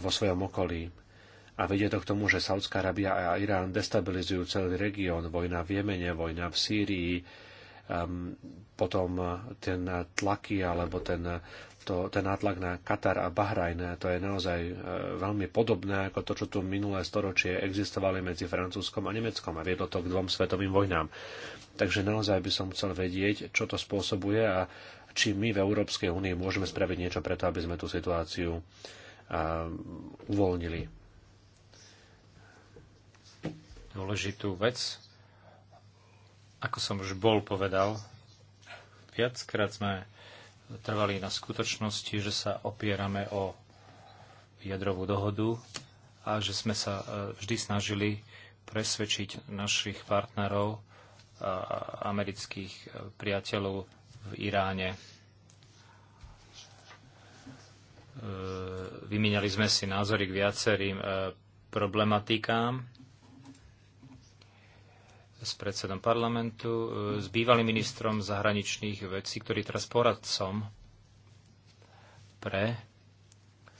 vo svojom okolí. A vedie to k tomu, že Saudská Arábia a Irán destabilizujú celý región. Vojna v Jemene, vojna v Sýrii, um, potom ten tlaky alebo ten, to, ten nátlak na Katar a Bahrajn, to je naozaj e, veľmi podobné ako to, čo tu minulé storočie existovali medzi Francúzskom a Nemeckom a viedlo to k dvom svetovým vojnám. Takže naozaj by som chcel vedieť, čo to spôsobuje a či my v Európskej únii môžeme spraviť niečo preto, aby sme tú situáciu uvoľnili. Dôležitú vec, ako som už bol povedal, viackrát sme trvali na skutočnosti, že sa opierame o jadrovú dohodu a že sme sa e, vždy snažili presvedčiť našich partnerov, a amerických e, priateľov v Iráne, e, Vymieniali sme si názory k viacerým e, problematikám s predsedom parlamentu, e, s bývalým ministrom zahraničných vecí, ktorý teraz poradcom pre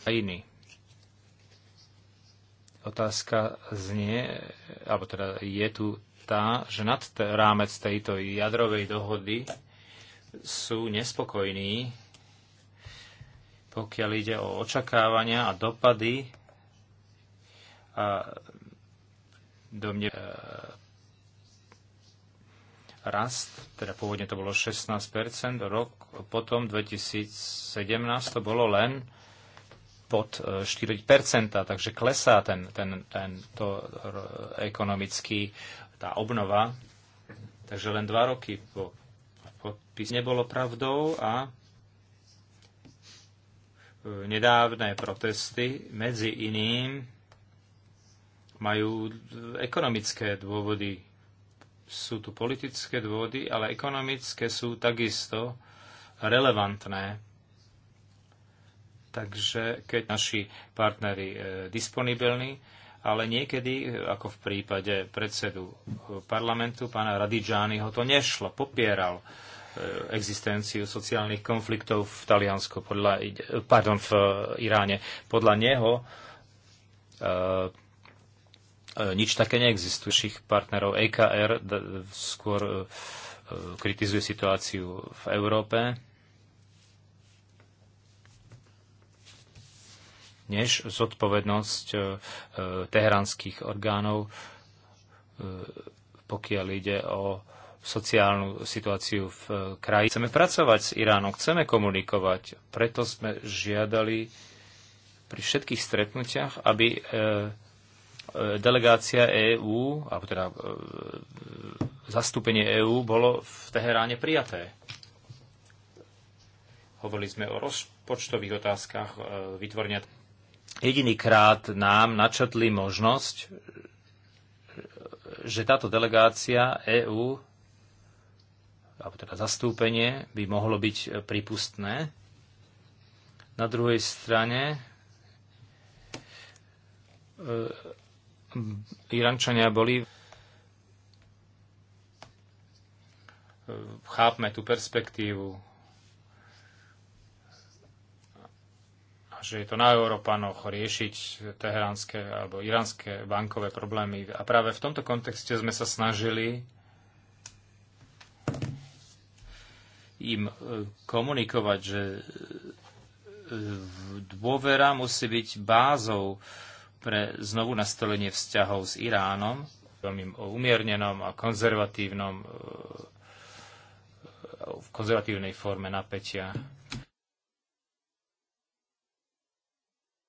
krajiny. Otázka znie, alebo teda je tu tá, že nad rámec tejto jadrovej dohody sú nespokojní pokiaľ ide o očakávania a dopady, a do mne e, rast, teda pôvodne to bolo 16%, rok potom 2017 to bolo len pod 4%, e, takže klesá ten, ten, ten to e, ekonomický, tá obnova. Takže len dva roky po podpis nebolo pravdou a nedávne protesty medzi iným majú ekonomické dôvody. Sú tu politické dôvody, ale ekonomické sú takisto relevantné. Takže keď naši partneri e, disponibilní, ale niekedy, e, ako v prípade predsedu e, parlamentu, pána Radidžányho, to nešlo, popieral Eh, existenciu sociálnych konfliktov v Taliansku, podľa, pardon, v eh, Iráne. Podľa neho e, nič také neexistuje. Všich partnerov EKR skôr kritizuje situáciu v Európe, než zodpovednosť teheranských orgánov, pokiaľ ide o sociálnu situáciu v eh, kraji. Chceme pracovať s Iránom, chceme komunikovať. Preto sme žiadali pri všetkých stretnutiach, aby eh, eh, delegácia EÚ, alebo teda zastúpenie EÚ bolo v Teheráne prijaté. Hovorili sme o rozpočtových otázkach e, vytvorenia. Jedinýkrát nám načetli možnosť, že táto delegácia EÚ alebo teda zastúpenie by mohlo byť e, prípustné. Na druhej strane e, Irančania boli e, chápme tú perspektívu a že je to na Európanoch riešiť teheránske alebo iránske bankové problémy. A práve v tomto kontexte sme sa snažili im e, komunikovať, že e, dôvera musí byť bázou pre znovu nastolenie vzťahov s Iránom, veľmi umiernenom a konzervatívnom e, v konzervatívnej forme napätia.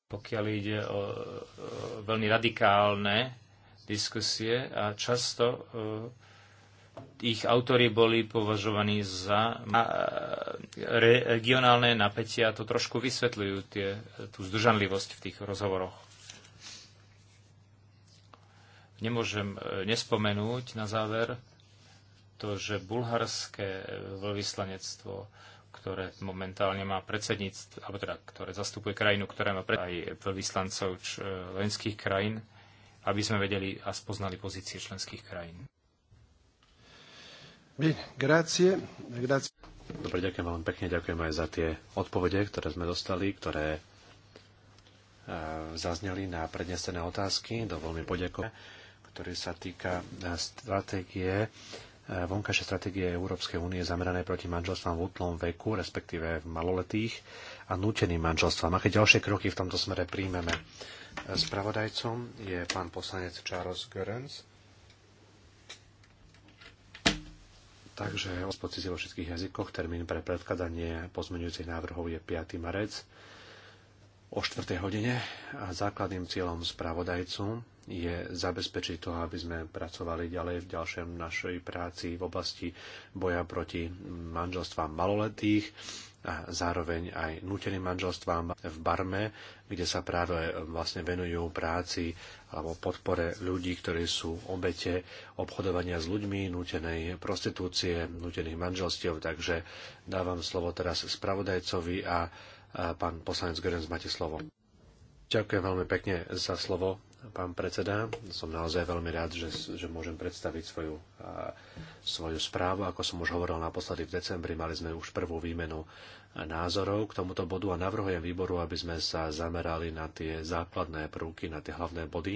Pokiaľ ide o veľmi radikálne diskusie a často ich autory boli považovaní za regionálne napätia to trošku vysvetľujú tie, tú zdržanlivosť v tých rozhovoroch. Nemôžem e, nespomenúť na záver to, že bulharské veľvyslanectvo, ktoré momentálne má predsedníctvo, alebo teda, ktoré zastupuje krajinu, ktorá má pred... aj veľvyslancov členských e, krajín, aby sme vedeli a spoznali pozície členských krajín. Dobre, ďakujem veľmi pekne, ďakujem aj za tie odpovede, ktoré sme dostali, ktoré e, zazneli na prednesené otázky. do veľmi poďakov, ktorý sa týka e, stratégie e, vonkajšej stratégie Európskej únie zamerané proti manželstvám v útlom veku, respektíve v maloletých a núteným manželstvám. Aké ďalšie kroky v tomto smere príjmeme? Spravodajcom je pán poslanec Charles Görens Takže ospocizí vo všetkých jazykoch termín pre predkladanie pozmeňujúcich návrhov je 5. marec o 4. hodine a základným cieľom spravodajcu je zabezpečiť to, aby sme pracovali ďalej v ďalšej našej práci v oblasti boja proti manželstvám maloletých a zároveň aj núteným manželstvám v Barme, kde sa práve e, vlastne venujú práci alebo podpore ľudí, ktorí sú obete obchodovania s ľuďmi, nútenej prostitúcie, nútených manželstiev. Takže dávam slovo teraz spravodajcovi a pán poslanec Görens, máte slovo. Ďakujem veľmi pekne za slovo, pán predseda. Som naozaj veľmi rád, že, že môžem predstaviť svoju, a, svoju správu. Ako som už hovoril naposledy v decembri, mali sme už prvú výmenu názorov k tomuto bodu a navrhujem výboru, aby sme sa zamerali na tie základné prvky, na tie hlavné body.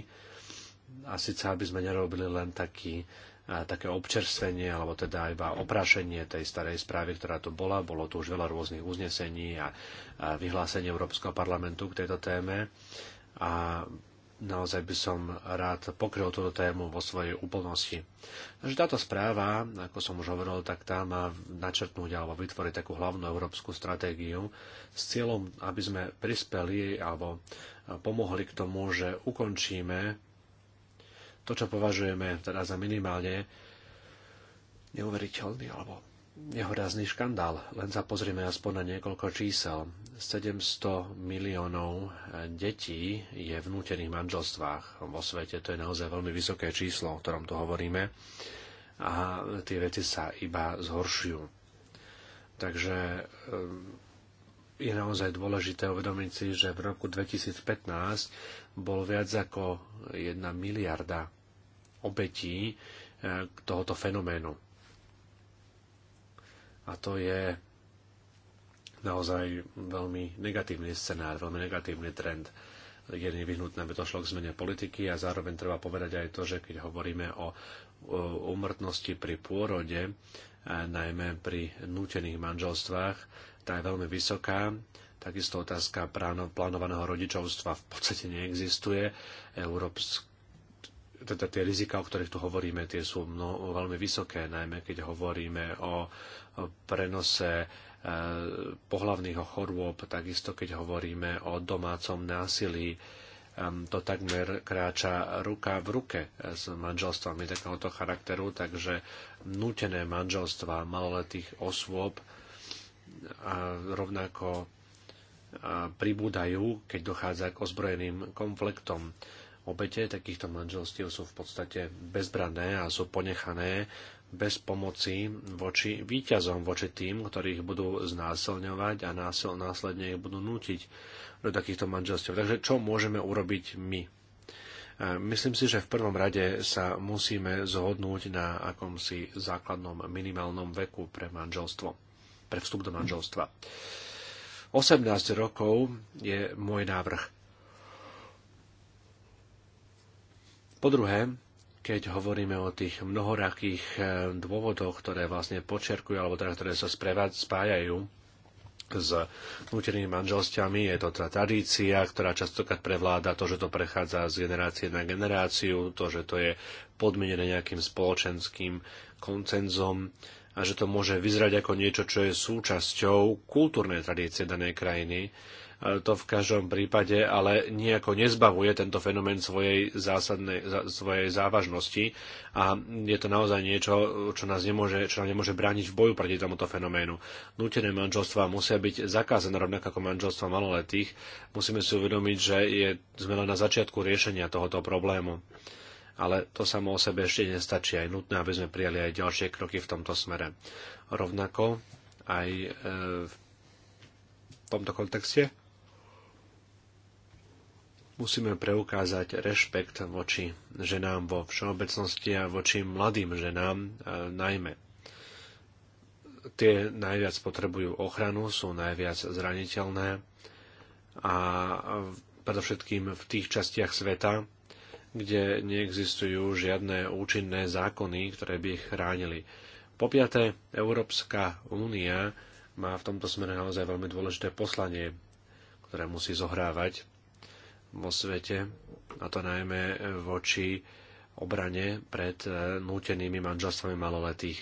A síce, aby sme nerobili len taký také občerstvenie, alebo teda iba oprašenie tej starej správy, ktorá tu bola. Bolo tu už veľa rôznych uznesení a vyhlásení Európskeho parlamentu k tejto téme. A naozaj by som rád pokryl túto tému vo svojej úplnosti. Takže táto správa, ako som už hovoril, tak tá má načrtnúť alebo vytvoriť takú hlavnú európsku stratégiu s cieľom, aby sme prispeli alebo pomohli k tomu, že ukončíme to, čo považujeme teda za minimálne neuveriteľný alebo nehorázný škandál. Len sa pozrieme aspoň na niekoľko čísel. 700 miliónov detí je v nútených manželstvách vo svete. To je naozaj veľmi vysoké číslo, o ktorom tu hovoríme. A tie veci sa iba zhoršujú. Takže ehm, je naozaj dôležité uvedomiť si, že v roku 2015 bol viac ako 1 miliarda obetí ehm, tohoto fenoménu. A to je naozaj veľmi negatívny scenár, veľmi negatívny trend. Je nevyhnutné, aby došlo k zmene politiky a zároveň treba povedať aj to, že keď hovoríme o umrtnosti pri pôrode, e, najmä pri nútených manželstvách, tá je veľmi vysoká. Takisto otázka plánovaného rodičovstva v podstate neexistuje. Európska teda tie rizika, o ktorých tu hovoríme, tie sú mno, veľmi vysoké, najmä keď hovoríme o prenose e, pohlavných chorôb, takisto keď hovoríme o domácom násilí. To takmer kráča ruka v ruke e, s manželstvami takéhoto charakteru, takže nutené manželstva maloletých osôb e, a rovnako pribúdajú, keď dochádza k ozbrojeným konfliktom Obete takýchto manželstiev sú v podstate bezbranné a sú ponechané bez pomoci voči výťazom, voči tým, ktorých budú znásilňovať a násil, následne ich budú nútiť do takýchto manželstiev. Takže čo môžeme urobiť my? E, myslím si, že v prvom rade sa musíme zhodnúť na akomsi základnom minimálnom veku pre manželstvo, pre vstup do manželstva. 18 rokov je môj návrh Po druhé, keď hovoríme o tých mnohorakých eh, dôvodoch, ktoré vlastne počerkujú, alebo teda, ktoré sa spájajú s nutenými manželstvami. Je to tá tradícia, ktorá častokrát prevláda to, že to prechádza z generácie na generáciu, to, že to je podmienené nejakým spoločenským koncenzom a že to môže vyzerať ako niečo, čo je súčasťou kultúrnej tradície danej krajiny E, to v každom prípade ale nejako nezbavuje tento fenomén svojej, zásadnej, svojej závažnosti a je to naozaj niečo, čo nás nemôže, čo nám nemôže brániť v boju proti tomuto fenoménu. Nútené manželstva musia byť zakázané rovnako ako manželstva maloletých. Musíme si uvedomiť, že je, sme len na začiatku riešenia tohoto problému ale to samo o sebe ešte nestačí. aj nutné, aby sme prijali aj ďalšie kroky v tomto smere. Rovnako aj e, v tomto kontexte musíme preukázať rešpekt voči ženám vo všeobecnosti a voči mladým ženám e, najmä. Tie najviac potrebujú ochranu, sú najviac zraniteľné a predovšetkým v tých častiach sveta, kde neexistujú žiadne účinné zákony, ktoré by ich chránili. Po piaté, Európska únia má v tomto smere naozaj veľmi dôležité poslanie, ktoré musí zohrávať vo svete, a to najmä voči obrane pred e, nútenými manželstvami maloletých.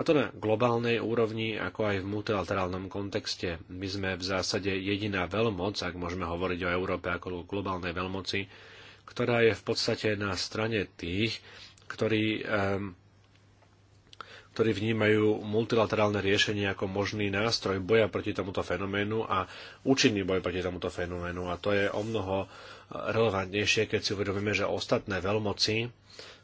A to na globálnej úrovni, ako aj v multilaterálnom kontexte. My sme v zásade jediná veľmoc, ak môžeme hovoriť o Európe ako o globálnej veľmoci, ktorá je v podstate na strane tých, ktorí um, ktorí vnímajú multilaterálne riešenie ako možný nástroj boja proti tomuto fenoménu a účinný boj proti tomuto fenoménu. A to je o mnoho e, relevantnejšie, keď si uvedomíme, že ostatné veľmoci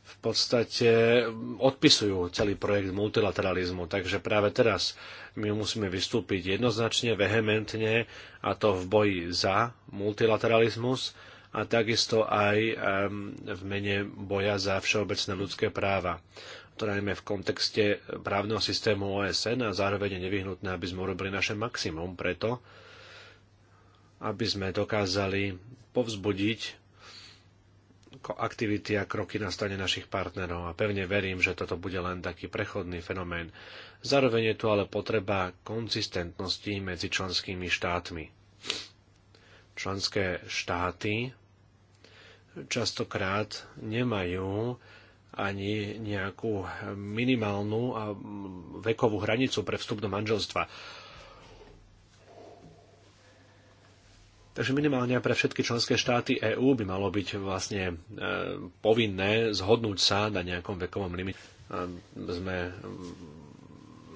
v podstate odpisujú celý projekt multilateralizmu. Takže práve teraz my musíme vystúpiť jednoznačne, vehementne a to v boji za multilateralizmus a takisto aj v mene boja za všeobecné ľudské práva to najmä v kontexte právneho systému OSN a zároveň je nevyhnutné, aby sme urobili naše maximum preto, aby sme dokázali povzbudiť aktivity a kroky na strane našich partnerov a pevne verím, že toto bude len taký prechodný fenomén. Zároveň je tu ale potreba konzistentnosti medzi členskými štátmi. Členské štáty častokrát nemajú ani nejakú minimálnu a vekovú hranicu pre vstup do manželstva. Takže minimálne pre všetky členské štáty EÚ by malo byť vlastne e, povinné zhodnúť sa na nejakom vekovom limite. sme mm,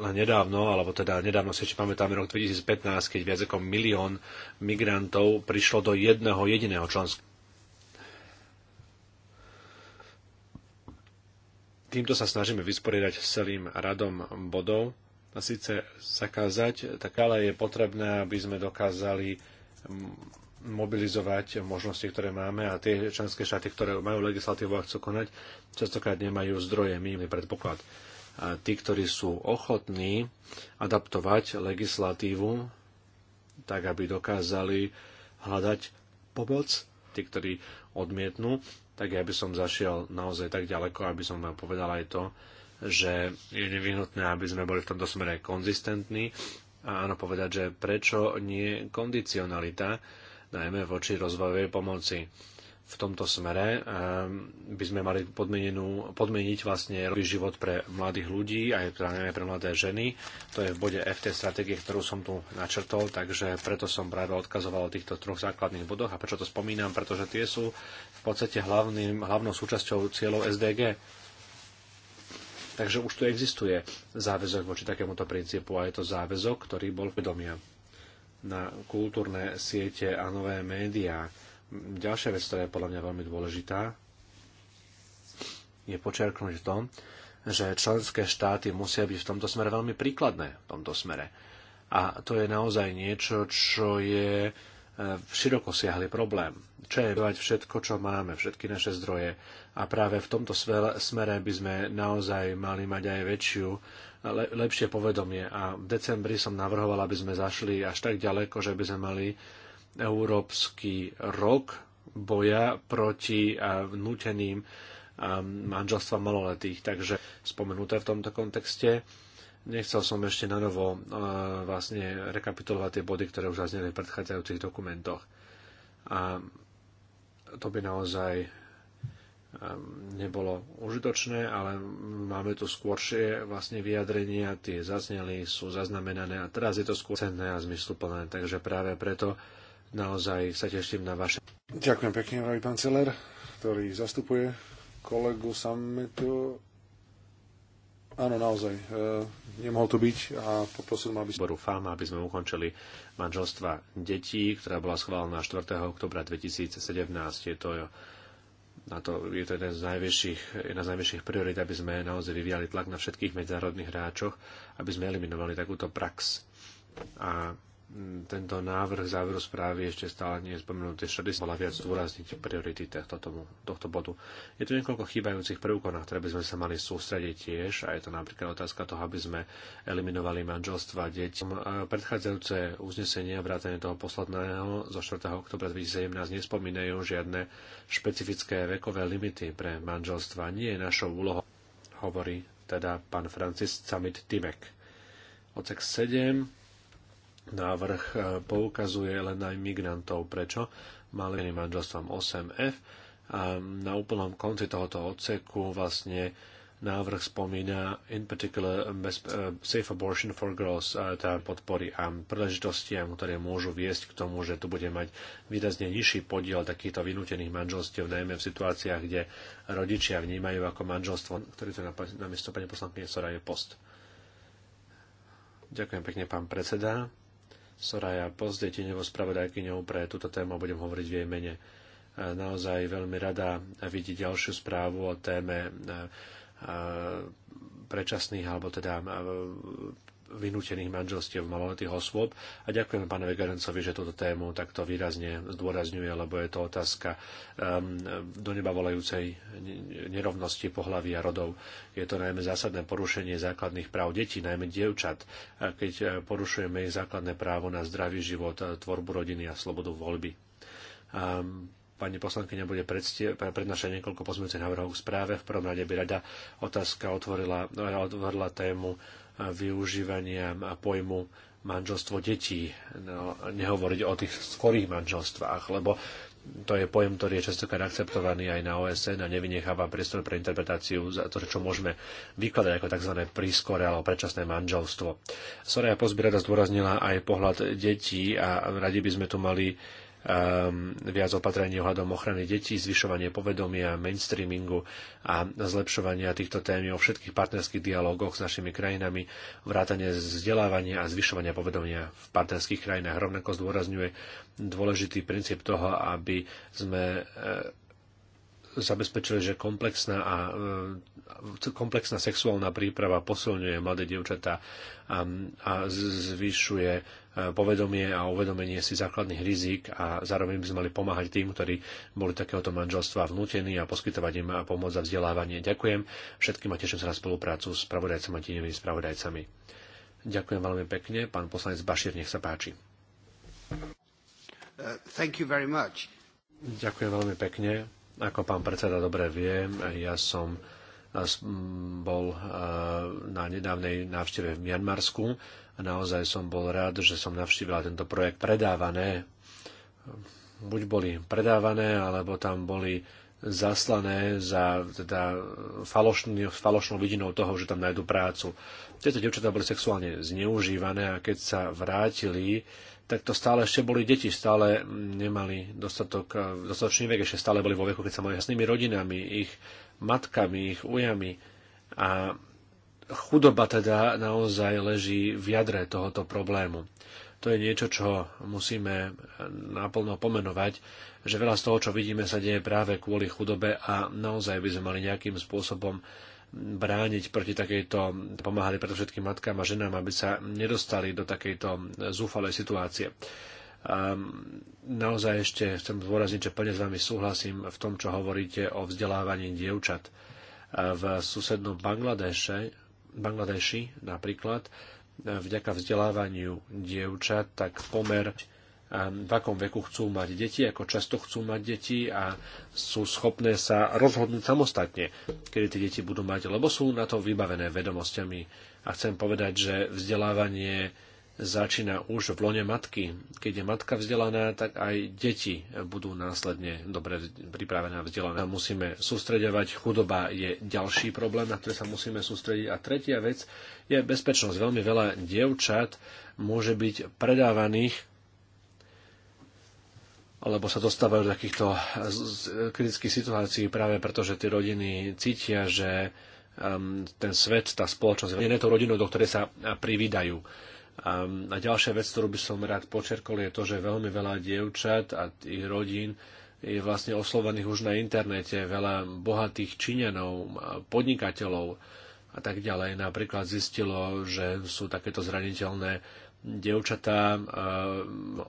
len nedávno, alebo teda nedávno si ešte pamätáme rok 2015, keď viac ako milión migrantov prišlo do jedného jediného členského týmto sa snažíme vysporiadať s celým radom bodov. A síce zakázať, tak ale je potrebné, aby sme dokázali mm, mobilizovať možnosti, ktoré máme a tie členské štáty, ktoré majú legislatívu a chcú konať, častokrát nemajú zdroje, minimálny predpoklad. A tí, ktorí sú ochotní adaptovať legislatívu tak, aby dokázali hľadať pomoc, tí, ktorí odmietnú, tak ja by som zašiel naozaj tak ďaleko, aby som povedal aj to, že je nevyhnutné, aby sme boli v tomto smere konzistentní a áno povedať, že prečo nie kondicionalita, najmä voči rozvojovej pomoci. V tomto smere ehm, by sme mali podmeniť vlastne život pre mladých ľudí, aj najmä pre mladé ženy. To je v bode F tej stratégie, ktorú som tu načrtol, takže preto som práve odkazoval o týchto troch základných bodoch. A prečo to spomínam? Pretože tie sú podstate hlavným, hlavnou súčasťou cieľov SDG. Takže už tu existuje záväzok voči takémuto princípu a je to záväzok, ktorý bol vedomia na kultúrne siete a nové médiá. Ďalšia vec, ktorá je podľa mňa veľmi dôležitá, je počiarknúť to, že členské štáty musia byť v tomto smere veľmi príkladné v tomto smere. A to je naozaj niečo, čo je široko siahli problém, čo je dávať všetko, čo máme, všetky naše zdroje. A práve v tomto smere by sme naozaj mali mať aj väčšiu, lepšie povedomie. A v decembri som navrhoval, aby sme zašli až tak ďaleko, že by sme mali Európsky rok boja proti vnúteným manželstva maloletých. Takže spomenuté v tomto kontexte Nechcel som ešte na novo e, vlastne rekapitulovať tie body, ktoré už zazneli v predchádzajúcich dokumentoch. A to by naozaj e, nebolo užitočné, ale máme tu skôršie vlastne vyjadrenia, tie zazneli, sú zaznamenané a teraz je to skôr cenné a zmysluplné, takže práve preto naozaj sa teším na vaše. Ďakujem pekne, Raj Celer, ktorý zastupuje kolegu Sametu Áno, naozaj. E, nemohol to byť a poprosil ma, aby... Boru FAMA, aby sme ukončili manželstva detí, ktorá bola schválená 4. oktobra 2017. Je to, na to, je to jeden z najvyšších, jedna z najvyšších priorit, aby sme naozaj vyvíjali tlak na všetkých medzinárodných hráčoch, aby sme eliminovali takúto prax. A Mm, tento návrh záveru správy ešte stále nie je spomenutý, ešte by som viac zdôrazniť priority tohto, tomu, tohto bodu. Je tu niekoľko chýbajúcich prvkov, na ktoré by sme sa mali sústrediť tiež a je to napríklad otázka toho, aby sme eliminovali manželstva deti. Predchádzajúce uznesenia, vrátane toho posledného zo 4. oktobra 2017 nespomínajú žiadne špecifické vekové limity pre manželstva. Nie je našou úlohou, hovorí teda pán Francis Samit Timek. Ocek 7 Návrh e, poukazuje len na migrantov. Prečo? Malým manželstvom 8F. A na úplnom konci tohoto odseku vlastne návrh spomína in particular e, safe abortion for girls, e, teda podpory a príležitostiam, ktoré môžu viesť k tomu, že tu bude mať výrazne nižší podiel takýchto vynútených manželstiev, najmä v situáciách, kde rodičia vnímajú ako manželstvo, ktoré tu na miesto pani poslankyne Soraje Post. Ďakujem pekne, pán predseda. Soraya Pozde, tenevo spravodajkyňou pre túto tému a budem hovoriť v jej mene. Naozaj veľmi rada vidieť ďalšiu správu o téme e, e, predčasných alebo teda e, vynútených manželstiev maloletých osôb. A ďakujem pánovi Garencovi, že túto tému takto výrazne zdôrazňuje, lebo je to otázka um, do neba volajúcej nerovnosti pohlavia rodov. Je to najmä zásadné porušenie základných práv detí, najmä dievčat, keď e, porušujeme ich základné právo na zdravý život, e, tvorbu rodiny a slobodu voľby. Um, pani poslankyňa bude prednášať niekoľko pozmeňujúcich návrhov k správe. V prvom rade by rada otázka otvorila, e, otvorila tému využívania pojmu manželstvo detí. No, nehovoriť o tých skorých manželstvách, lebo to je pojem, ktorý je častokrát akceptovaný aj na OSN a nevynecháva priestor pre interpretáciu za to, čo môžeme vykladať ako tzv. prískore alebo predčasné manželstvo. Soraya Pozbirada zdôraznila aj pohľad detí a radi by sme tu mali Ehm, viac opatrení ohľadom ochrany detí, zvyšovanie povedomia, mainstreamingu a zlepšovania týchto tém o všetkých partnerských dialógoch s našimi krajinami, vrátanie vzdelávania a zvyšovania povedomia v partnerských krajinách. Rovnako zdôrazňuje dôležitý princíp toho, aby sme e, zabezpečili, že komplexná, a, e, komplexná sexuálna príprava posilňuje mladé dievčatá a, a zvyšuje povedomie a uvedomenie si základných rizik a zároveň by sme mali pomáhať tým, ktorí boli takéhoto manželstva vnútení a poskytovať im pomoc a vzdelávanie. Ďakujem všetkým a teším sa na spoluprácu s pravodajcami a tínevými spravodajcami. Ďakujem veľmi pekne. Pán poslanec Bašir, nech sa páči. Uh, thank you very much. Ďakujem veľmi pekne. Ako pán predseda dobre vie, ja som Mm, bol eh, na nedávnej návšteve v Mianmarsku a naozaj som bol rád, že som navštívila tento projekt predávané. Buď boli predávané, alebo tam boli zaslané za teda falošný, falošnou vidinou toho, že tam nájdu prácu. Tieto devčatá boli sexuálne zneužívané a keď sa vrátili, tak to stále ešte boli deti, stále nemali dostatok, eh, dostatočný vek, ešte stále boli vo veku, keď sa mali s nimi rodinami ich matkami, ich ujami. A chudoba teda naozaj leží v jadre tohoto problému. To je niečo, čo musíme naplno pomenovať, že veľa z toho, čo vidíme, sa deje práve kvôli chudobe a naozaj by sme mali nejakým spôsobom brániť proti takejto, pomáhali predovšetkým matkám a ženám, aby sa nedostali do takejto zúfalej situácie. Naozaj ešte chcem zvorazniť, že plne s vami súhlasím v tom, čo hovoríte o vzdelávaní dievčat. V susednom Bangladeši napríklad, vďaka vzdelávaniu dievčat, tak pomer v akom veku chcú mať deti, ako často chcú mať deti a sú schopné sa rozhodnúť samostatne, kedy tie deti budú mať, lebo sú na to vybavené vedomosťami. A chcem povedať, že vzdelávanie začína už v lone matky. Keď je matka vzdelaná, tak aj deti budú následne dobre pripravené a vzdelané. Musíme sústredovať, chudoba je ďalší problém, na ktorý sa musíme sústrediť. A tretia vec je bezpečnosť. Veľmi veľa dievčat môže byť predávaných alebo sa dostávajú do takýchto kritických situácií práve preto, že tie rodiny cítia, že um, ten svet, tá spoločnosť, nie je to rodinou, do ktorej sa privídajú a ďalšia vec, ktorú by som rád počerkol, je to, že veľmi veľa dievčat a ich rodín je vlastne oslovených už na internete, veľa bohatých Číňanov, podnikateľov a tak ďalej. Napríklad zistilo, že sú takéto zraniteľné dievčatá,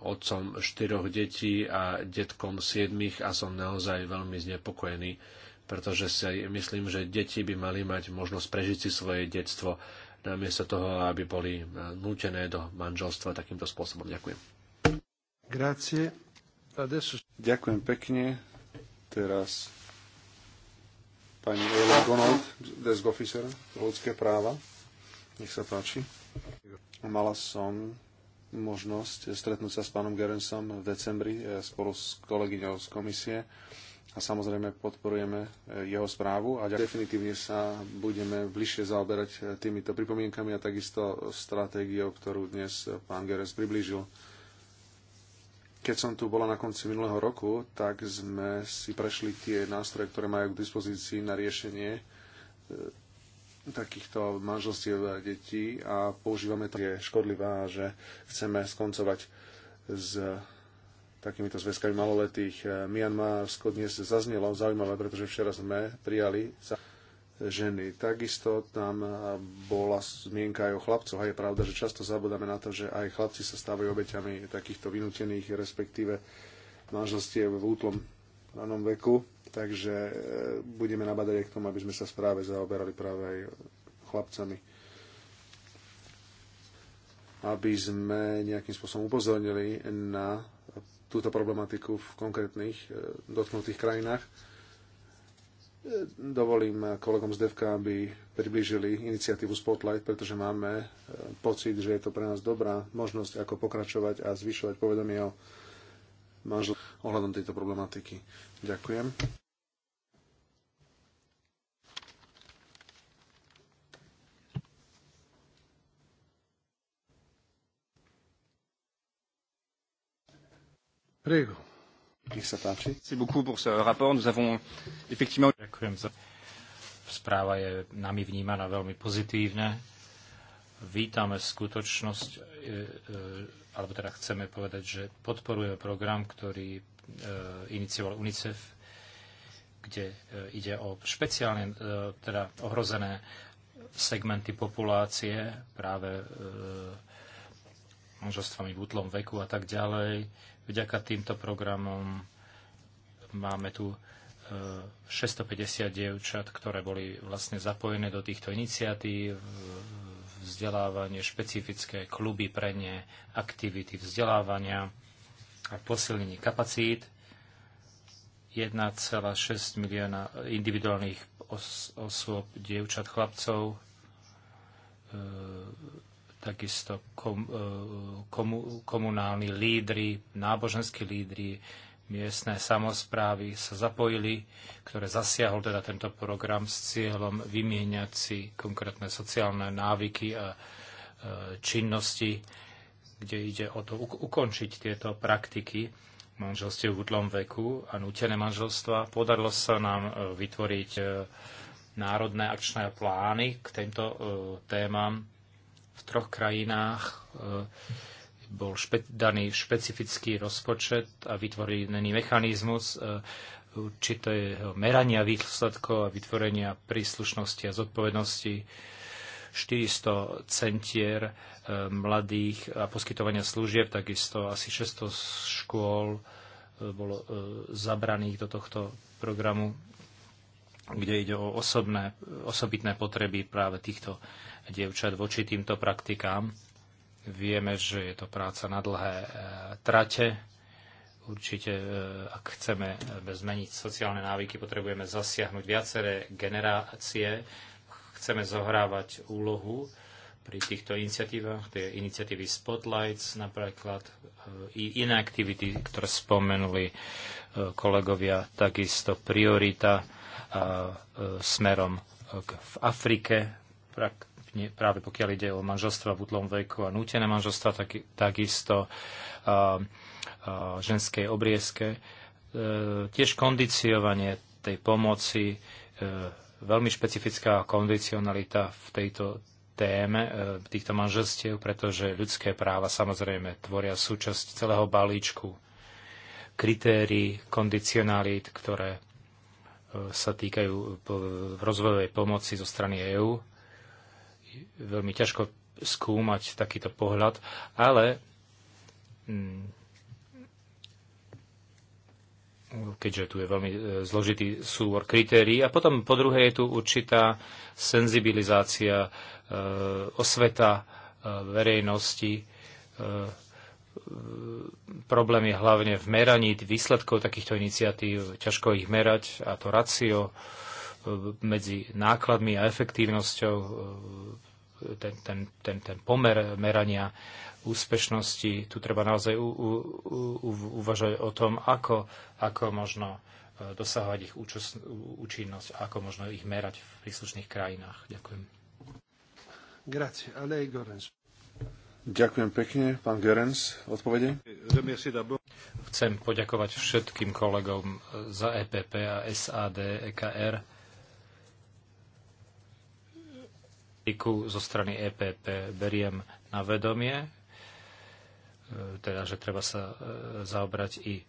otcom štyroch detí a detkom siedmých a som naozaj veľmi znepokojený, pretože si myslím, že deti by mali mať možnosť prežiť si svoje detstvo namiesto toho, aby boli eh, nútené do manželstva takýmto spôsobom. Ďakujem. Grazie. Adesso... Ďakujem pekne. Teraz pani Eva Gonald, desk officer, ľudské práva. Nech sa páči. Mala som možnosť stretnúť sa s pánom Gerensom v decembri eh, spolu s kolegyňou z komisie a samozrejme podporujeme e, jeho správu a definitívne sa budeme bližšie zaoberať e, týmito pripomienkami a takisto stratégiou, ktorú dnes e, pán Geres priblížil. Keď som tu bola na konci minulého roku, tak sme si prešli tie nástroje, ktoré majú k dispozícii na riešenie takýchto manželstiev a detí a používame to, je škodlivá, že chceme skoncovať s takýmito zväzkami maloletých. E, Mianmarsko dnes zaznelo, zaujímavé, pretože včera sme prijali za ženy. Takisto tam e, bola zmienka aj o chlapcoch a je pravda, že často zabudáme na to, že aj chlapci sa stávajú obeťami takýchto vynútených, respektíve manželstiev v útlom ranom veku. Takže e, budeme nabadať aj k tomu, aby sme sa správe zaoberali práve aj chlapcami aby sme nejakým spôsobom upozornili na túto problematiku v konkrétnych e, dotknutých krajinách. E, dovolím kolegom z DEVKA, aby priblížili iniciatívu Spotlight, pretože máme e, pocit, že je to pre nás dobrá možnosť, ako pokračovať a zvyšovať povedomie o manžel ohľadom tejto problematiky. Ďakujem. Ďakujem za... Správa je nami vnímaná veľmi pozitívne. Vítame skutočnosť, e, e, alebo teda chceme povedať, že podporujeme program, ktorý e, inicioval UNICEF, kde ide o špeciálne teda ohrozené segmenty populácie, práve manželstvami v útlom veku a tak ďalej. Vďaka týmto programom máme tu 650 e, dievčat, ktoré boli vlastne zapojené do týchto iniciatív, vzdelávanie, špecifické kluby pre ne, aktivity vzdelávania a posilnenie kapacít. 1,6 milióna individuálnych osôb, dievčat, chlapcov e, takisto kom, e, komu, komunálni lídry, náboženskí lídry, miestne samozprávy sa zapojili, ktoré zasiahol teda tento program s cieľom vymieňať si konkrétne sociálne návyky a e, činnosti, kde ide o to ukončiť tieto praktiky manželstiev v útlom veku a nútené manželstva. Podarilo sa nám e, vytvoriť národné akčné plány k týmto témam v troch krajinách e, bol špe- daný špecifický rozpočet a vytvorený mechanizmus e, určitého merania výsledkov a vytvorenia príslušnosti a zodpovednosti 400 centier e, mladých a poskytovania služieb, takisto asi 600 škôl bolo zabraných do tohto programu, kde ide o osobné, osobitné potreby práve týchto dievčat voči týmto praktikám. Vieme, že je to práca na dlhé e, trate. Určite, e, ak chceme e, zmeniť sociálne návyky, potrebujeme zasiahnuť viaceré generácie. Chceme zohrávať úlohu pri týchto iniciatívach, tie iniciatívy Spotlights napríklad, i iné aktivity, ktoré spomenuli kolegovia, takisto priorita smerom k, v Afrike, nie, práve pokiaľ ide o manželstva v útlom veku a nútené manželstva, tak, takisto a, a ženskej obriezke. E, tiež kondiciovanie tej pomoci, e, veľmi špecifická kondicionalita v tejto téme e, týchto manželstiev, pretože ľudské práva samozrejme tvoria súčasť celého balíčku kritérií, kondicionalít, ktoré e, sa týkajú rozvojovej pomoci zo strany EÚ veľmi ťažko skúmať takýto pohľad, ale mm, keďže tu je veľmi e, zložitý súbor kritérií. A potom po druhé je tu určitá senzibilizácia, e, osveta e, verejnosti. E, problém je hlavne v meraní výsledkov takýchto iniciatív, ťažko ich merať a to racio e, medzi nákladmi a efektívnosťou e, ten, ten, ten, ten pomer merania úspešnosti. Tu treba naozaj u, u, u, uvažovať o tom, ako, ako možno e, dosahovať ich účos, účinnosť a ako možno ich merať v príslušných krajinách. Ďakujem. Grazie. Gorens. Ďakujem pekne. Pán Gerens, odpovede? Chcem poďakovať všetkým kolegom e, za EPP a SAD, EKR, kritiku zo strany EPP beriem na vedomie, e, teda, že treba sa e, zaobrať i e,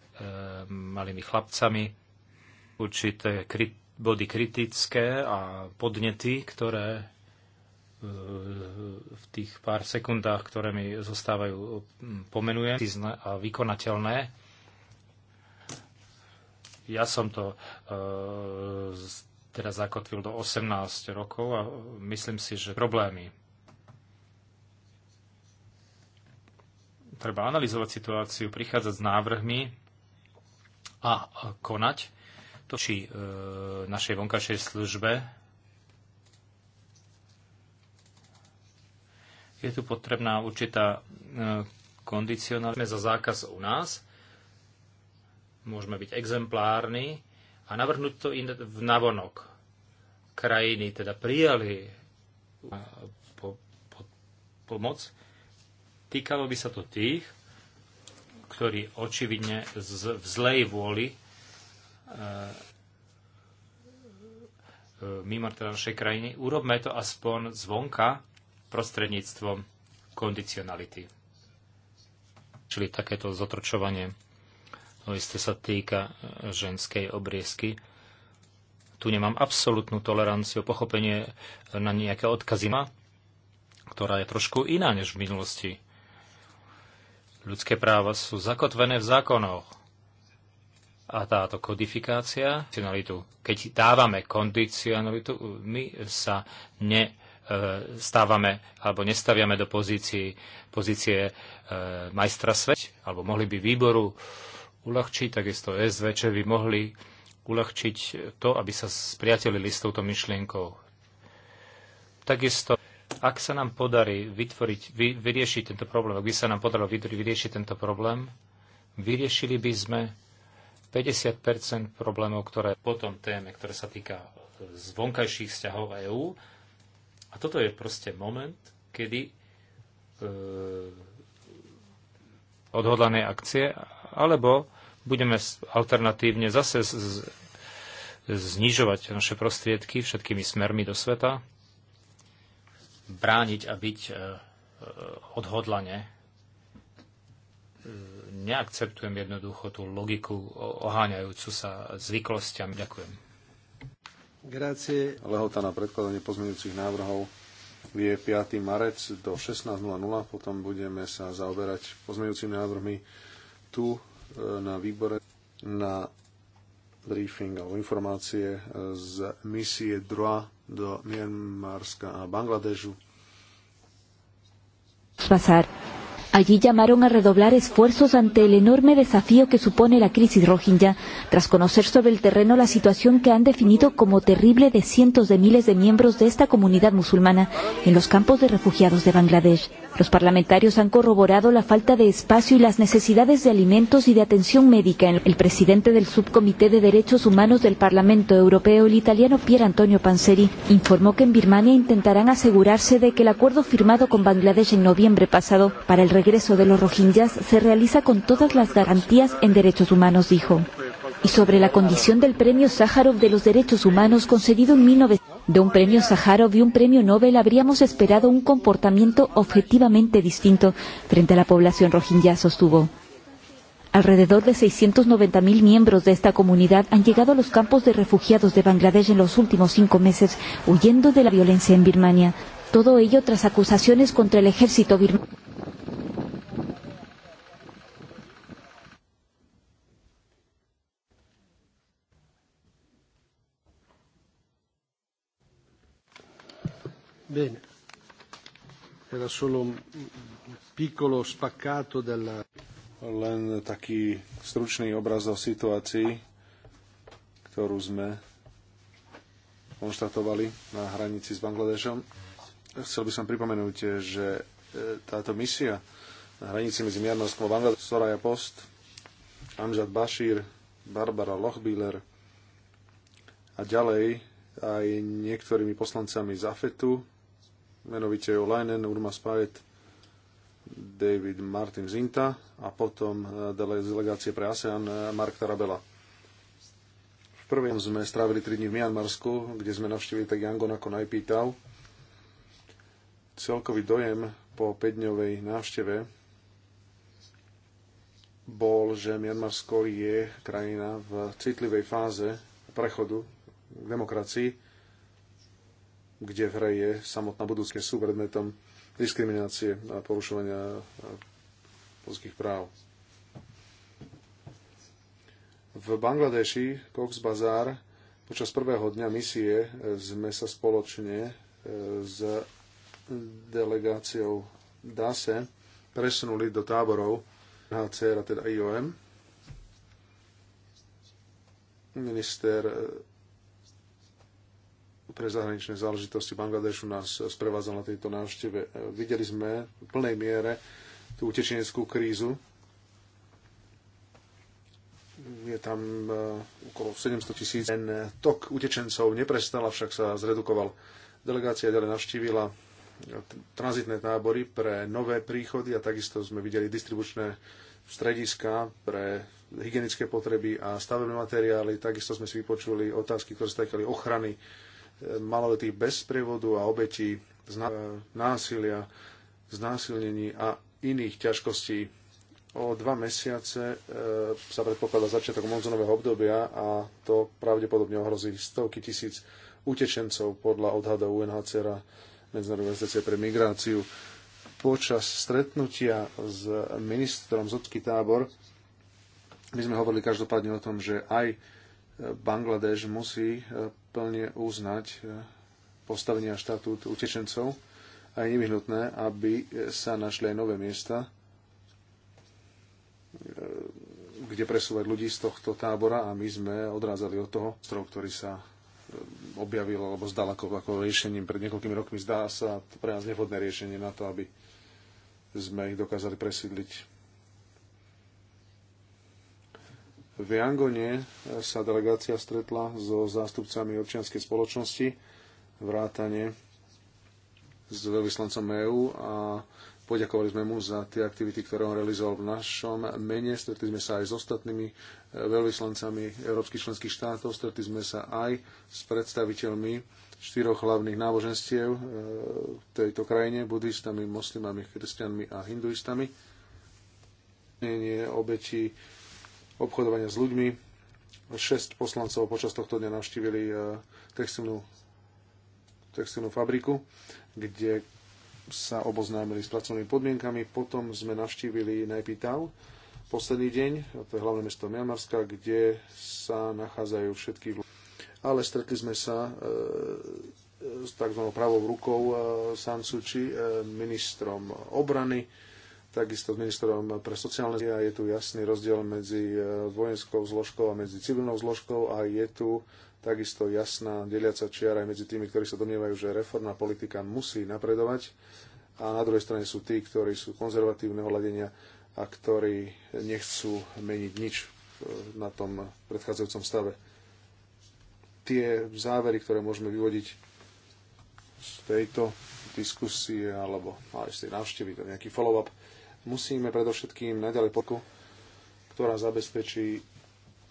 malými chlapcami. Určité body kritické a podnety, ktoré v tých pár sekundách, ktoré mi zostávajú, pomenujem a vykonateľné. Ja som to teda zakotvil do 18 rokov a myslím si, že problémy treba analyzovať situáciu, prichádzať s návrhmi a konať. To či e, našej vonkajšej službe je tu potrebná určitá e, kondicionálne za zákaz u nás. Môžeme byť exemplárni, a navrhnúť to in, v navonok. Krajiny teda prijali po, po, pomoc. Týkalo by sa to tých, ktorí očividne z, v zlej vôli e, e mimo teda našej krajiny, urobme to aspoň zvonka prostredníctvom kondicionality. Čili takéto zotročovanie to no isté sa týka e, ženskej obriezky. Tu nemám absolútnu toleranciu, pochopenie e, na nejaké odkazy ktorá je trošku iná než v minulosti. Ľudské práva sú zakotvené v zákonoch. A táto kodifikácia, keď dávame kondicionalitu, my sa ne, e, stávame alebo nestaviame do pozície, pozície majstra sveť, alebo mohli by výboru uľahčiť, takisto SVČ by mohli uľahčiť to, aby sa spriatelili s touto myšlienkou. Takisto, ak sa nám podarí vytvoriť, vy, vyriešiť tento problém, ak by sa nám podarilo vyriešiť tento problém, vyriešili by sme 50 problémov, ktoré potom téme, ktoré sa týka zvonkajších vzťahov EÚ. A toto je proste moment, kedy e, odhodlané akcie, alebo budeme alternatívne zase znižovať naše prostriedky všetkými smermi do sveta, brániť a byť e, e, odhodlane. E, neakceptujem jednoducho tú logiku oháňajúcu sa zvyklostiam. Ďakujem. Grácie. Lehota na predkladanie pozmeňujúcich návrhov je 5. marec do 16.00. Potom budeme sa zaoberať pozmeňujúcimi návrhmi tu na výbore na briefing alebo informácie z misie DROA do Mianmarska a Bangladežu. Basar. Allí llamaron a redoblar esfuerzos ante el enorme desafío que supone la crisis rohingya, tras conocer sobre el terreno la situación que han definido como terrible de cientos de miles de miembros de esta comunidad musulmana en los campos de refugiados de Bangladesh. Los parlamentarios han corroborado la falta de espacio y las necesidades de alimentos y de atención médica. El presidente del Subcomité de Derechos Humanos del Parlamento Europeo, el italiano Pier Antonio Panseri, informó que en Birmania intentarán asegurarse de que el acuerdo firmado con Bangladesh en noviembre pasado para el regreso de los rohingyas se realiza con todas las garantías en derechos humanos, dijo. Y sobre la condición del premio Sájarov de los derechos humanos concedido en 1900. De un premio Sájarov y un premio Nobel habríamos esperado un comportamiento objetivamente distinto frente a la población rohingya, sostuvo. Alrededor de 690.000 miembros de esta comunidad han llegado a los campos de refugiados de Bangladesh en los últimos cinco meses, huyendo de la violencia en Birmania. Todo ello tras acusaciones contra el ejército birmano. Bene. Era solo un piccolo spaccato della... Len taký stručný obraz o situácii, ktorú sme konštatovali na hranici s Bangladešom. Chcel by som pripomenúť, že e, táto misia na hranici medzi Miarnorskom a Bangladešom, Soraya Post, Amžad Bashir, Barbara Lochbiller a ďalej aj niektorými poslancami z AFETu, menovite Jo Leinen, Urmas Pajet, David Martin Zinta a potom eh, z delegácie pre ASEAN eh, Mark Tarabela. V prvom sme strávili 3 dní v Mianmarsku, kde sme navštívili tak Yangon ako Najpýtav. Celkový dojem po 5-dňovej návšteve bol, že Mianmarsko je krajina v citlivej fáze prechodu k demokracii kde v hre je samotná budúcnosť, sú predmetom diskriminácie a porušovania eh, ľudských práv. V Bangladeši, Cox Bazar, počas prvého dňa misie eh, sme sa spoločne eh, s delegáciou DASE presunuli do táborov HCR, a teda IOM. Minister pre zahraničné záležitosti Bangladešu nás sprevádzal na tejto návšteve. E, videli sme v plnej miere tú utečeneckú krízu. Je tam e, okolo 700 tisíc. Ten tok utečencov neprestal, avšak sa zredukoval. Delegácia ďalej navštívila tranzitné tábory pre nové príchody a takisto sme videli distribučné strediska pre hygienické potreby a stavebné materiály. Takisto sme si vypočuli otázky, ktoré sa týkali ochrany maloletých bez sprievodu a obetí násilia, znásilnení a iných ťažkostí. O dva mesiace e, sa predpokladá začiatok monzunového obdobia a to pravdepodobne ohrozí stovky tisíc utečencov podľa odhadov UNHCR a Medzinárodnej organizácie pre migráciu. Počas stretnutia s ministrom Zotky tábor my sme hovorili každopádne o tom, že aj Bangladeš musí e, plne uznať e, postavenia štatút utečencov a je nevyhnutné, aby e, sa našli aj nové miesta, e, kde presúvať ľudí z tohto tábora a my sme odrázali od toho, ktorý sa objavil alebo zdal ako, ako riešením pred niekoľkými rokmi. Zdá sa to pre nás nevhodné riešenie na to, aby sme ich dokázali presídliť V Angone sa delegácia stretla so zástupcami občianskej spoločnosti, vrátane s veľvyslancom EÚ a poďakovali sme mu za tie aktivity, ktoré on realizoval v našom mene. Stretli sme sa aj s ostatnými e, veľvyslancami európskych členských štátov, stretli sme sa aj s predstaviteľmi štyroch hlavných náboženstiev e, v tejto krajine, buddhistami, moslimami, kresťanmi a hinduistami. Obeti obchodovania s ľuďmi. Šesť poslancov počas tohto dňa navštívili e, textilnú, textilnú fabriku, kde sa oboznámili s pracovnými podmienkami. Potom sme navštívili Najpýtav, posledný deň, to je hlavné mesto Mianmarska, kde sa nachádzajú všetky vl- Ale stretli sme sa e, s tzv. pravou rukou e, sancuči e, ministrom obrany, takisto s ministrom pre sociálne a je tu jasný rozdiel medzi e, vojenskou zložkou a medzi civilnou zložkou a je tu takisto jasná deliaca čiara aj medzi tými, ktorí sa domnievajú, že reformná politika musí napredovať a na druhej strane sú tí, ktorí sú konzervatívneho hľadenia a ktorí nechcú meniť nič e, na tom predchádzajúcom stave. Tie závery, ktoré môžeme vyvodiť z tejto diskusie alebo aj z tej návštevy, to nejaký follow-up, Musíme predovšetkým naďalej podku, ktorá zabezpečí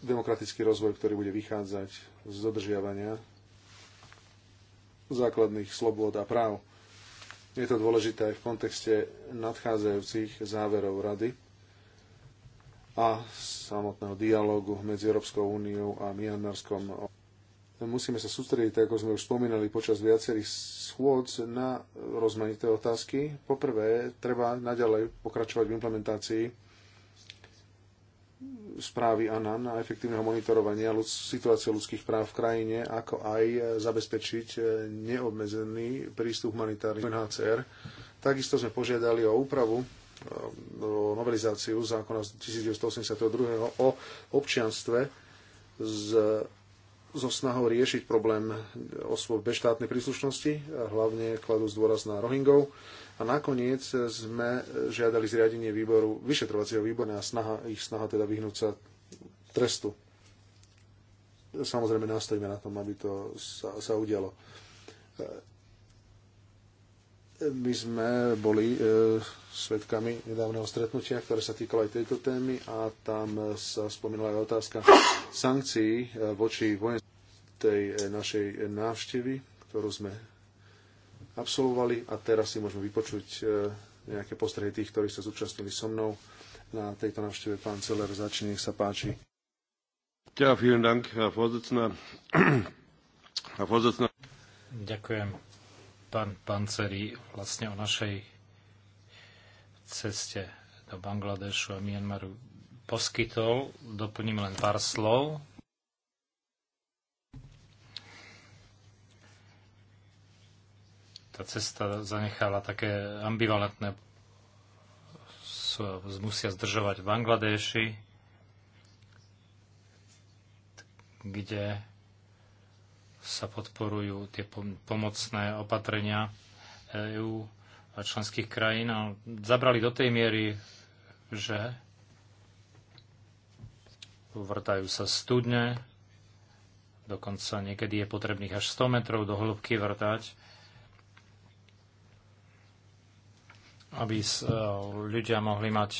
demokratický rozvoj, ktorý bude vychádzať z dodržiavania základných slobôd a práv. Je to dôležité aj v kontexte nadchádzajúcich záverov Rady a samotného dialógu medzi Európskou úniou a Mianmarskom musíme sa sústrediť, ako sme už spomínali počas viacerých schôdz, na rozmanité otázky. Poprvé, treba naďalej pokračovať v implementácii správy ANAN a efektívneho monitorovania situácie ľudských práv v krajine, ako aj zabezpečiť neobmedzený prístup humanitárnych UNHCR. Takisto sme požiadali o úpravu o novelizáciu zákona z 1982 o občianstve z so snahou riešiť problém osôb bez štátnej príslušnosti, hlavne kladú dôraz na Rohingov. A nakoniec sme žiadali zriadenie výboru, vyšetrovacieho výboru a snaha, ich snaha teda vyhnúť sa trestu. Samozrejme nastojíme na tom, aby to sa, sa udialo. My sme boli e, svetkami nedávneho stretnutia, ktoré sa týkalo aj tejto témy a tam sa spomínala aj otázka sankcií e, voči vojenským tej eh, našej eh, návštevy, ktorú sme absolvovali a teraz si môžeme vypočuť eh, nejaké postrehy tých, ktorí sa zúčastnili so mnou na tejto návšteve. Pán Celer, začne, nech sa páči. Ja, vielen Dank, Herr Vorsitzender. Herr Vorsitzender. Ďakujem, pán Panceri, vlastne o našej ceste do Bangladešu a Myanmaru poskytol. Doplním len pár slov. tá cesta zanechala také ambivalentné musia zdržovať v Bangladeši, kde sa podporujú tie pomocné opatrenia EÚ a členských krajín a zabrali do tej miery, že vrtajú sa studne, dokonca niekedy je potrebných až 100 metrov do hĺbky vrtať, aby eh, ľudia mohli mať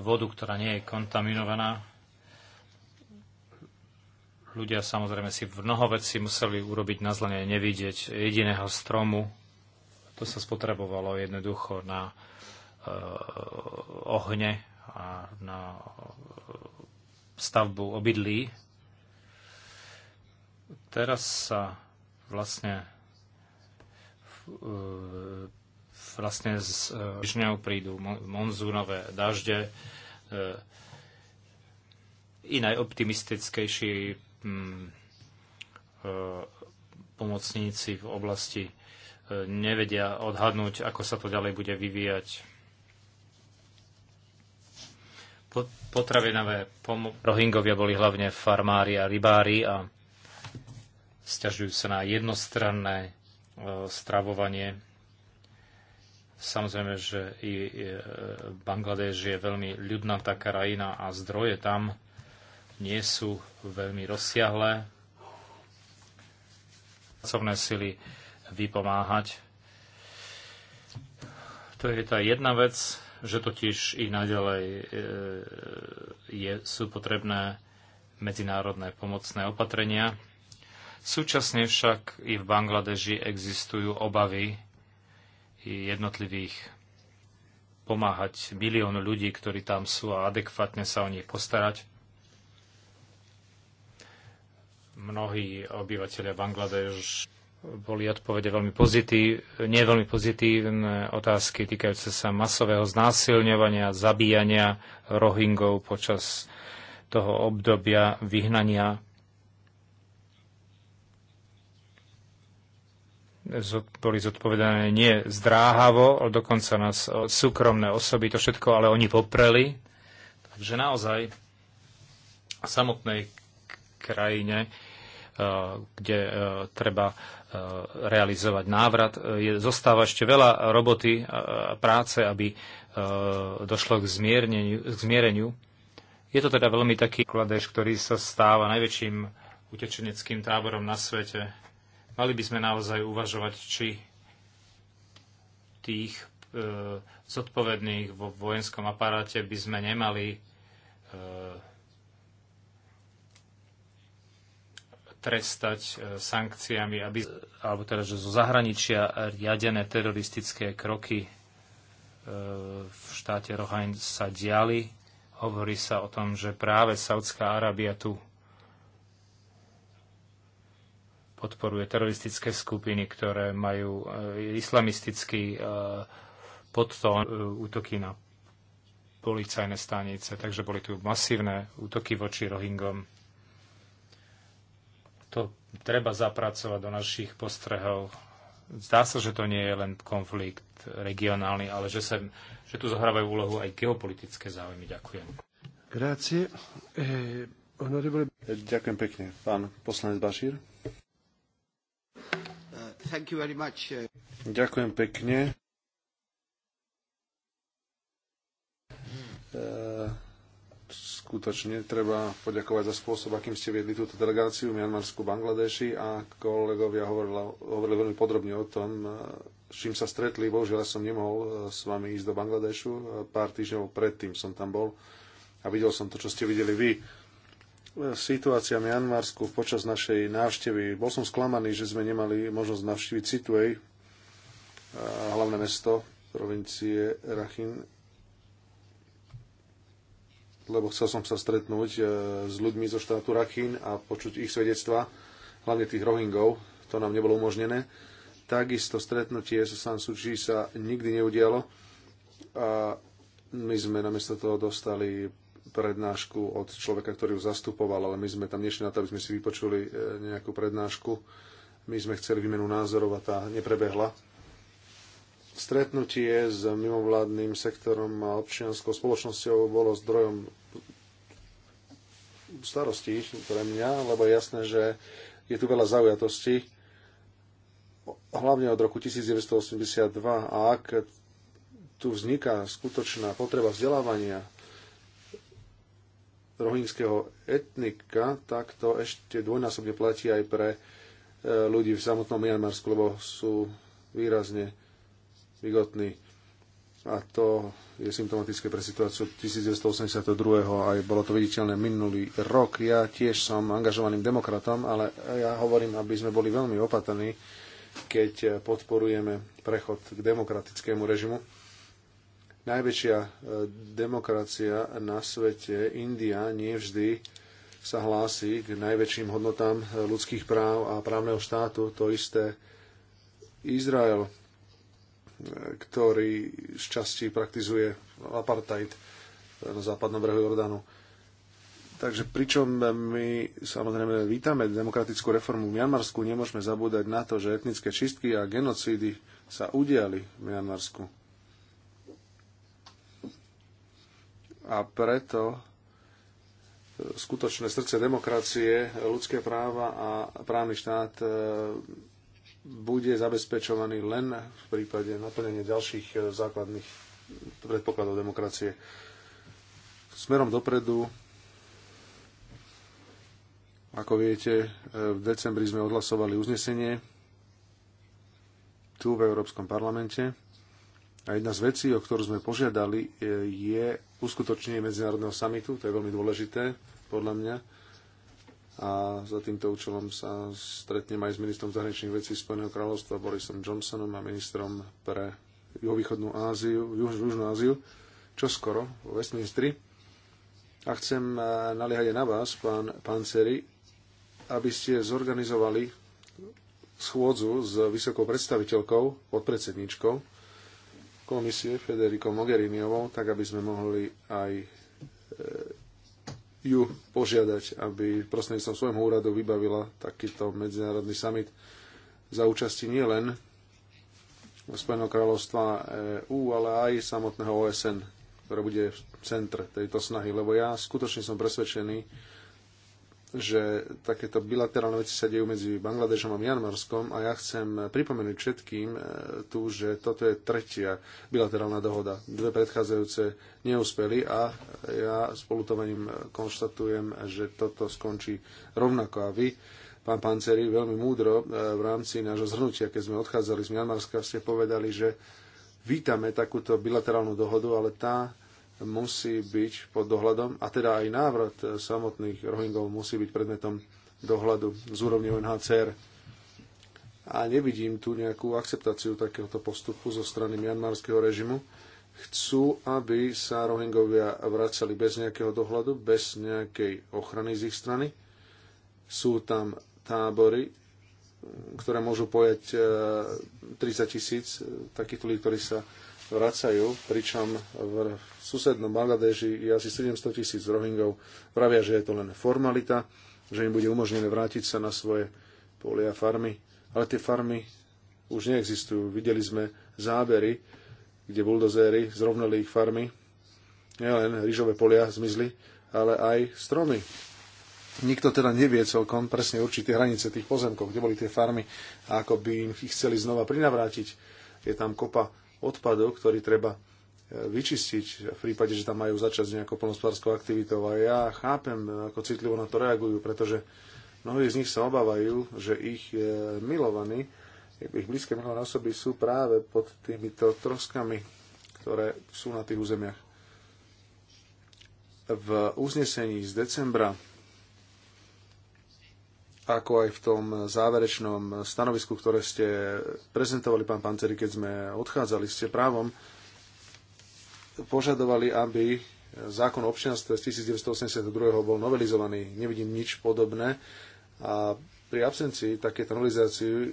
vodu, ktorá nie je kontaminovaná. Ľudia samozrejme si mnoho vecí museli urobiť na zlene nevidieť jediného stromu. To sa spotrebovalo jednoducho na uh, ohne a na stavbu obydlí. Teraz sa vlastne eh, vlastne z e, Žňov prídu monzúnové dažde, e, i najoptimistickejší mm, e, pomocníci v oblasti nevedia odhadnúť, ako sa to ďalej bude vyvíjať. Potravinové pomo- rohingovia boli hlavne farmári a rybári a stiažujú sa na jednostranné stravovanie Samozrejme, že i e, Bangladeš je veľmi ľudná tá krajina a zdroje tam nie sú veľmi rozsiahlé. Pracovné sily vypomáhať. To je tá jedna vec, že totiž i naďalej e, je, sú potrebné medzinárodné pomocné opatrenia. Súčasne však i v Bangladeži existujú obavy, jednotlivých pomáhať milión ľudí, ktorí tam sú a adekvátne sa o nich postarať. Mnohí obyvateľia Bangladeš boli odpovede veľmi pozitívne, nie veľmi pozitívne otázky týkajúce sa masového znásilňovania, zabíjania Rohingov počas toho obdobia vyhnania boli zodpovedané nie zdráhavo, ale dokonca nás súkromné osoby, to všetko, ale oni popreli. Takže naozaj v samotnej krajine, e, kde e, treba e, realizovať návrat, zostáva ešte veľa roboty a práce, aby došlo k, k zmiereniu. Je to teda veľmi taký kladeš, ktorý sa stáva najväčším utečeneckým táborom na svete Mali by sme naozaj uvažovať, či tých e, zodpovedných vo vojenskom aparáte by sme nemali e, trestať e, sankciami, aby, alebo teda, že zo zahraničia riadené teroristické kroky e, v štáte Rohain sa diali. Hovorí sa o tom, že práve Saudská Arábia tu podporuje teroristické skupiny, ktoré majú e, islamistický e, podtón, e, útoky na policajné stanice, takže boli tu masívne útoky voči Rohingom. To treba zapracovať do našich postrehov. Zdá sa, že to nie je len konflikt regionálny, ale že, sem, že tu zohrávajú úlohu aj geopolitické záujmy. Ďakujem. Grazie. Eh, Ďakujem pekne. Pán poslanec Bašír. Uh, Ďakujem pekne. E, skutočne treba poďakovať za spôsob, akým ste viedli túto delegáciu v Mianmarsku, Bangladeši a kolegovia hovorili veľmi podrobne o tom, e, s čím sa stretli. Bohužiaľ som nemohol e, s vami ísť do Bangladešu. Pár týždňov predtým som tam bol a videl som to, čo ste videli vy situácia v Janmarsku počas našej návštevy. Bol som sklamaný, že sme nemali možnosť navštíviť Situej, hlavné mesto provincie Rachin, lebo chcel som sa stretnúť e, s ľuďmi zo štátu Rachin a počuť ich svedectva, hlavne tých Rohingov, to nám nebolo umožnené. Takisto stretnutie so San Suu Kyi sa nikdy neudialo a my sme namiesto toho dostali prednášku od človeka, ktorý ju zastupoval, ale my sme tam nešli na to, aby sme si vypočuli e, nejakú prednášku. My sme chceli výmenu názorov a tá neprebehla. Stretnutie s mimovládnym sektorom a občianskou spoločnosťou bolo zdrojom starostí pre mňa, lebo je jasné, že je tu veľa zaujatosti, hlavne od roku 1982. A ak tu vzniká skutočná potreba vzdelávania, rohingského etnika, tak to ešte dvojnásobne platí aj pre e, ľudí v samotnom Mianmarsku, lebo sú výrazne vygotní. A to je symptomatické pre situáciu 1982. Aj bolo to viditeľné minulý rok. Ja tiež som angažovaným demokratom, ale ja hovorím, aby sme boli veľmi opatrní, keď podporujeme prechod k demokratickému režimu najväčšia e, demokracia na svete, India, nie vždy sa hlási k najväčším hodnotám e, ľudských práv a právneho štátu. To isté Izrael, e, ktorý z časti praktizuje apartheid na západnom brehu Jordánu. Takže pričom my samozrejme vítame demokratickú reformu v Mianmarsku, nemôžeme zabúdať na to, že etnické čistky a genocídy sa udiali v Mianmarsku A preto e, skutočné srdce demokracie, ľudské práva a právny štát e, bude zabezpečovaný len v prípade naplnenia ďalších e, základných predpokladov demokracie. Smerom dopredu, ako viete, v decembri sme odhlasovali uznesenie tu v Európskom parlamente a jedna z vecí, o ktorú sme požiadali, e, je uskutočnenie medzinárodného samitu. To je veľmi dôležité, podľa mňa. A za týmto účelom sa stretnem aj s ministrom zahraničných vecí Spojeného kráľovstva Borisom Johnsonom a ministrom pre juhovýchodnú Áziu, juž, južnú Áziu, čo skoro vo Westminstri. A chcem e, naliehať aj na vás, pán Panceri, aby ste zorganizovali schôdzu s vysokou predstaviteľkou, podpredsedníčkou komisie Federico Mogheriniovou, tak aby sme mohli aj e, ju požiadať, aby prostredníctvom svojho úradu vybavila takýto medzinárodný summit za účasti nielen Spojeného kráľovstva EU, ale aj samotného OSN, ktoré bude v centre tejto snahy, lebo ja skutočne som presvedčený, že takéto bilaterálne veci sa dejú medzi Bangladežom a Mianmarskom a ja chcem pripomenúť všetkým e, tu, že toto je tretia bilaterálna dohoda. Dve predchádzajúce neúspeli a ja spolutovaním konštatujem, že toto skončí rovnako a vy. Pán Panceri, veľmi múdro e, v rámci nášho zhrnutia, keď sme odchádzali z Mianmarska, ste povedali, že vítame takúto bilaterálnu dohodu, ale tá musí byť pod dohľadom a teda aj návrat eh, samotných Rohingov musí byť predmetom dohľadu z úrovne UNHCR. A nevidím tu nejakú akceptáciu takéhoto postupu zo strany mianmarského režimu. Chcú, aby sa Rohingovia vracali bez nejakého dohľadu, bez nejakej ochrany z ich strany. Sú tam tábory, ktoré môžu pojať 30 eh, tisíc eh, takých ľudí, ktorí sa vracajú, pričom v v susednom Bangladeži je asi 700 tisíc Rohingov. Pravia, že je to len formalita, že im bude umožnené vrátiť sa na svoje polia a farmy. Ale tie farmy už neexistujú. Videli sme zábery, kde buldozéry zrovnali ich farmy. Nielen rýžové polia zmizli, ale aj stromy. Nikto teda nevie celkom presne určité hranice tých pozemkov, kde boli tie farmy a ako by im ich chceli znova prinavrátiť. Je tam kopa odpadov, ktorý treba vyčistiť v prípade, že tam majú začať s nejakou plnospodárskou aktivitou. A ja chápem, ako citlivo na to reagujú, pretože mnohí z nich sa obávajú, že ich e, milovaní, ich blízke milované osoby sú práve pod týmito troskami, ktoré sú na tých územiach. V uznesení z decembra ako aj v tom záverečnom stanovisku, ktoré ste prezentovali, pán Panceri, keď sme odchádzali, ste právom požadovali, aby zákon o občianstve z 1982 bol novelizovaný. Nevidím nič podobné. A pri absencii takéto novelizácie,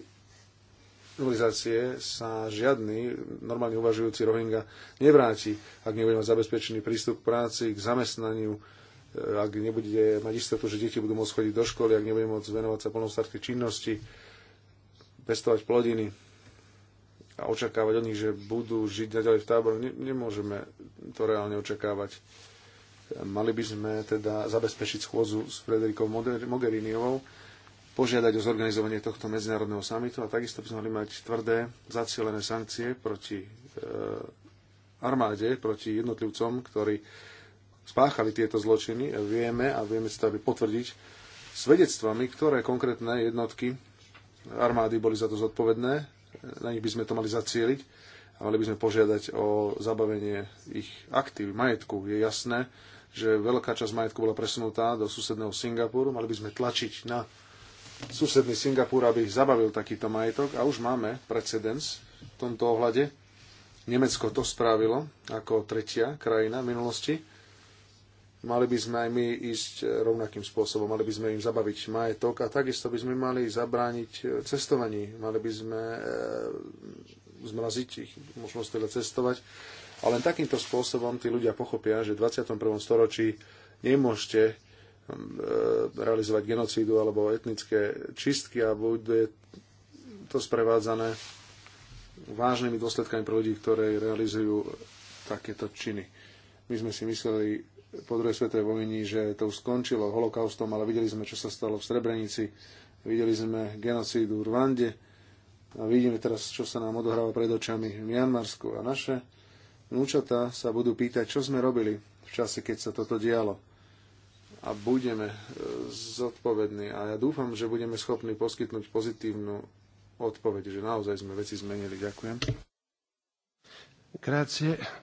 novelizácie sa žiadny normálne uvažujúci Rohingya nevráti, ak nebude mať zabezpečený prístup k práci, k zamestnaniu, e, ak nebude mať istotu, že deti budú môcť chodiť do školy, ak nebude môcť venovať sa plnostarskej činnosti, pestovať plodiny a očakávať od nich, že budú žiť naďalej v táboroch, ne, nemôžeme to reálne očakávať. Mali by sme teda zabezpečiť schôzu s Frederikou Mogheriniovou, požiadať o zorganizovanie tohto medzinárodného samitu a takisto by sme mali mať tvrdé zacielené sankcie proti e, armáde, proti jednotlivcom, ktorí spáchali tieto zločiny. Vieme a vieme sa to potvrdiť svedectvami, ktoré konkrétne jednotky armády boli za to zodpovedné na nich by sme to mali zacieliť a mali by sme požiadať o zabavenie ich aktív, majetku. Je jasné, že veľká časť majetku bola presunutá do susedného Singapuru. Mali by sme tlačiť na susedný Singapur, aby zabavil takýto majetok a už máme precedens v tomto ohľade. Nemecko to spravilo ako tretia krajina v minulosti Mali by sme aj my ísť e, rovnakým spôsobom, mali by sme im zabaviť majetok a takisto by sme mali zabrániť e, cestovaní, mali by sme e, zmraziť ich možnosť teda cestovať. Ale len takýmto spôsobom tí ľudia pochopia, že v 21. storočí nemôžete realizovať genocídu alebo etnické čistky a bude to sprevádzané vážnymi dôsledkami pre ľudí, ktorí realizujú takéto činy. My sme si mysleli, po druhej svetovej vojni, že to už skončilo holokaustom, ale videli sme, čo sa stalo v Srebrenici, videli sme genocídu v Rwande a vidíme teraz, čo sa nám odohráva pred očami v Mianmarsku a naše vnúčata sa budú pýtať, čo sme robili v čase, keď sa toto dialo. A budeme e, zodpovední a ja dúfam, že budeme schopní poskytnúť pozitívnu odpoveď, že naozaj sme veci zmenili. Ďakujem. Grazie.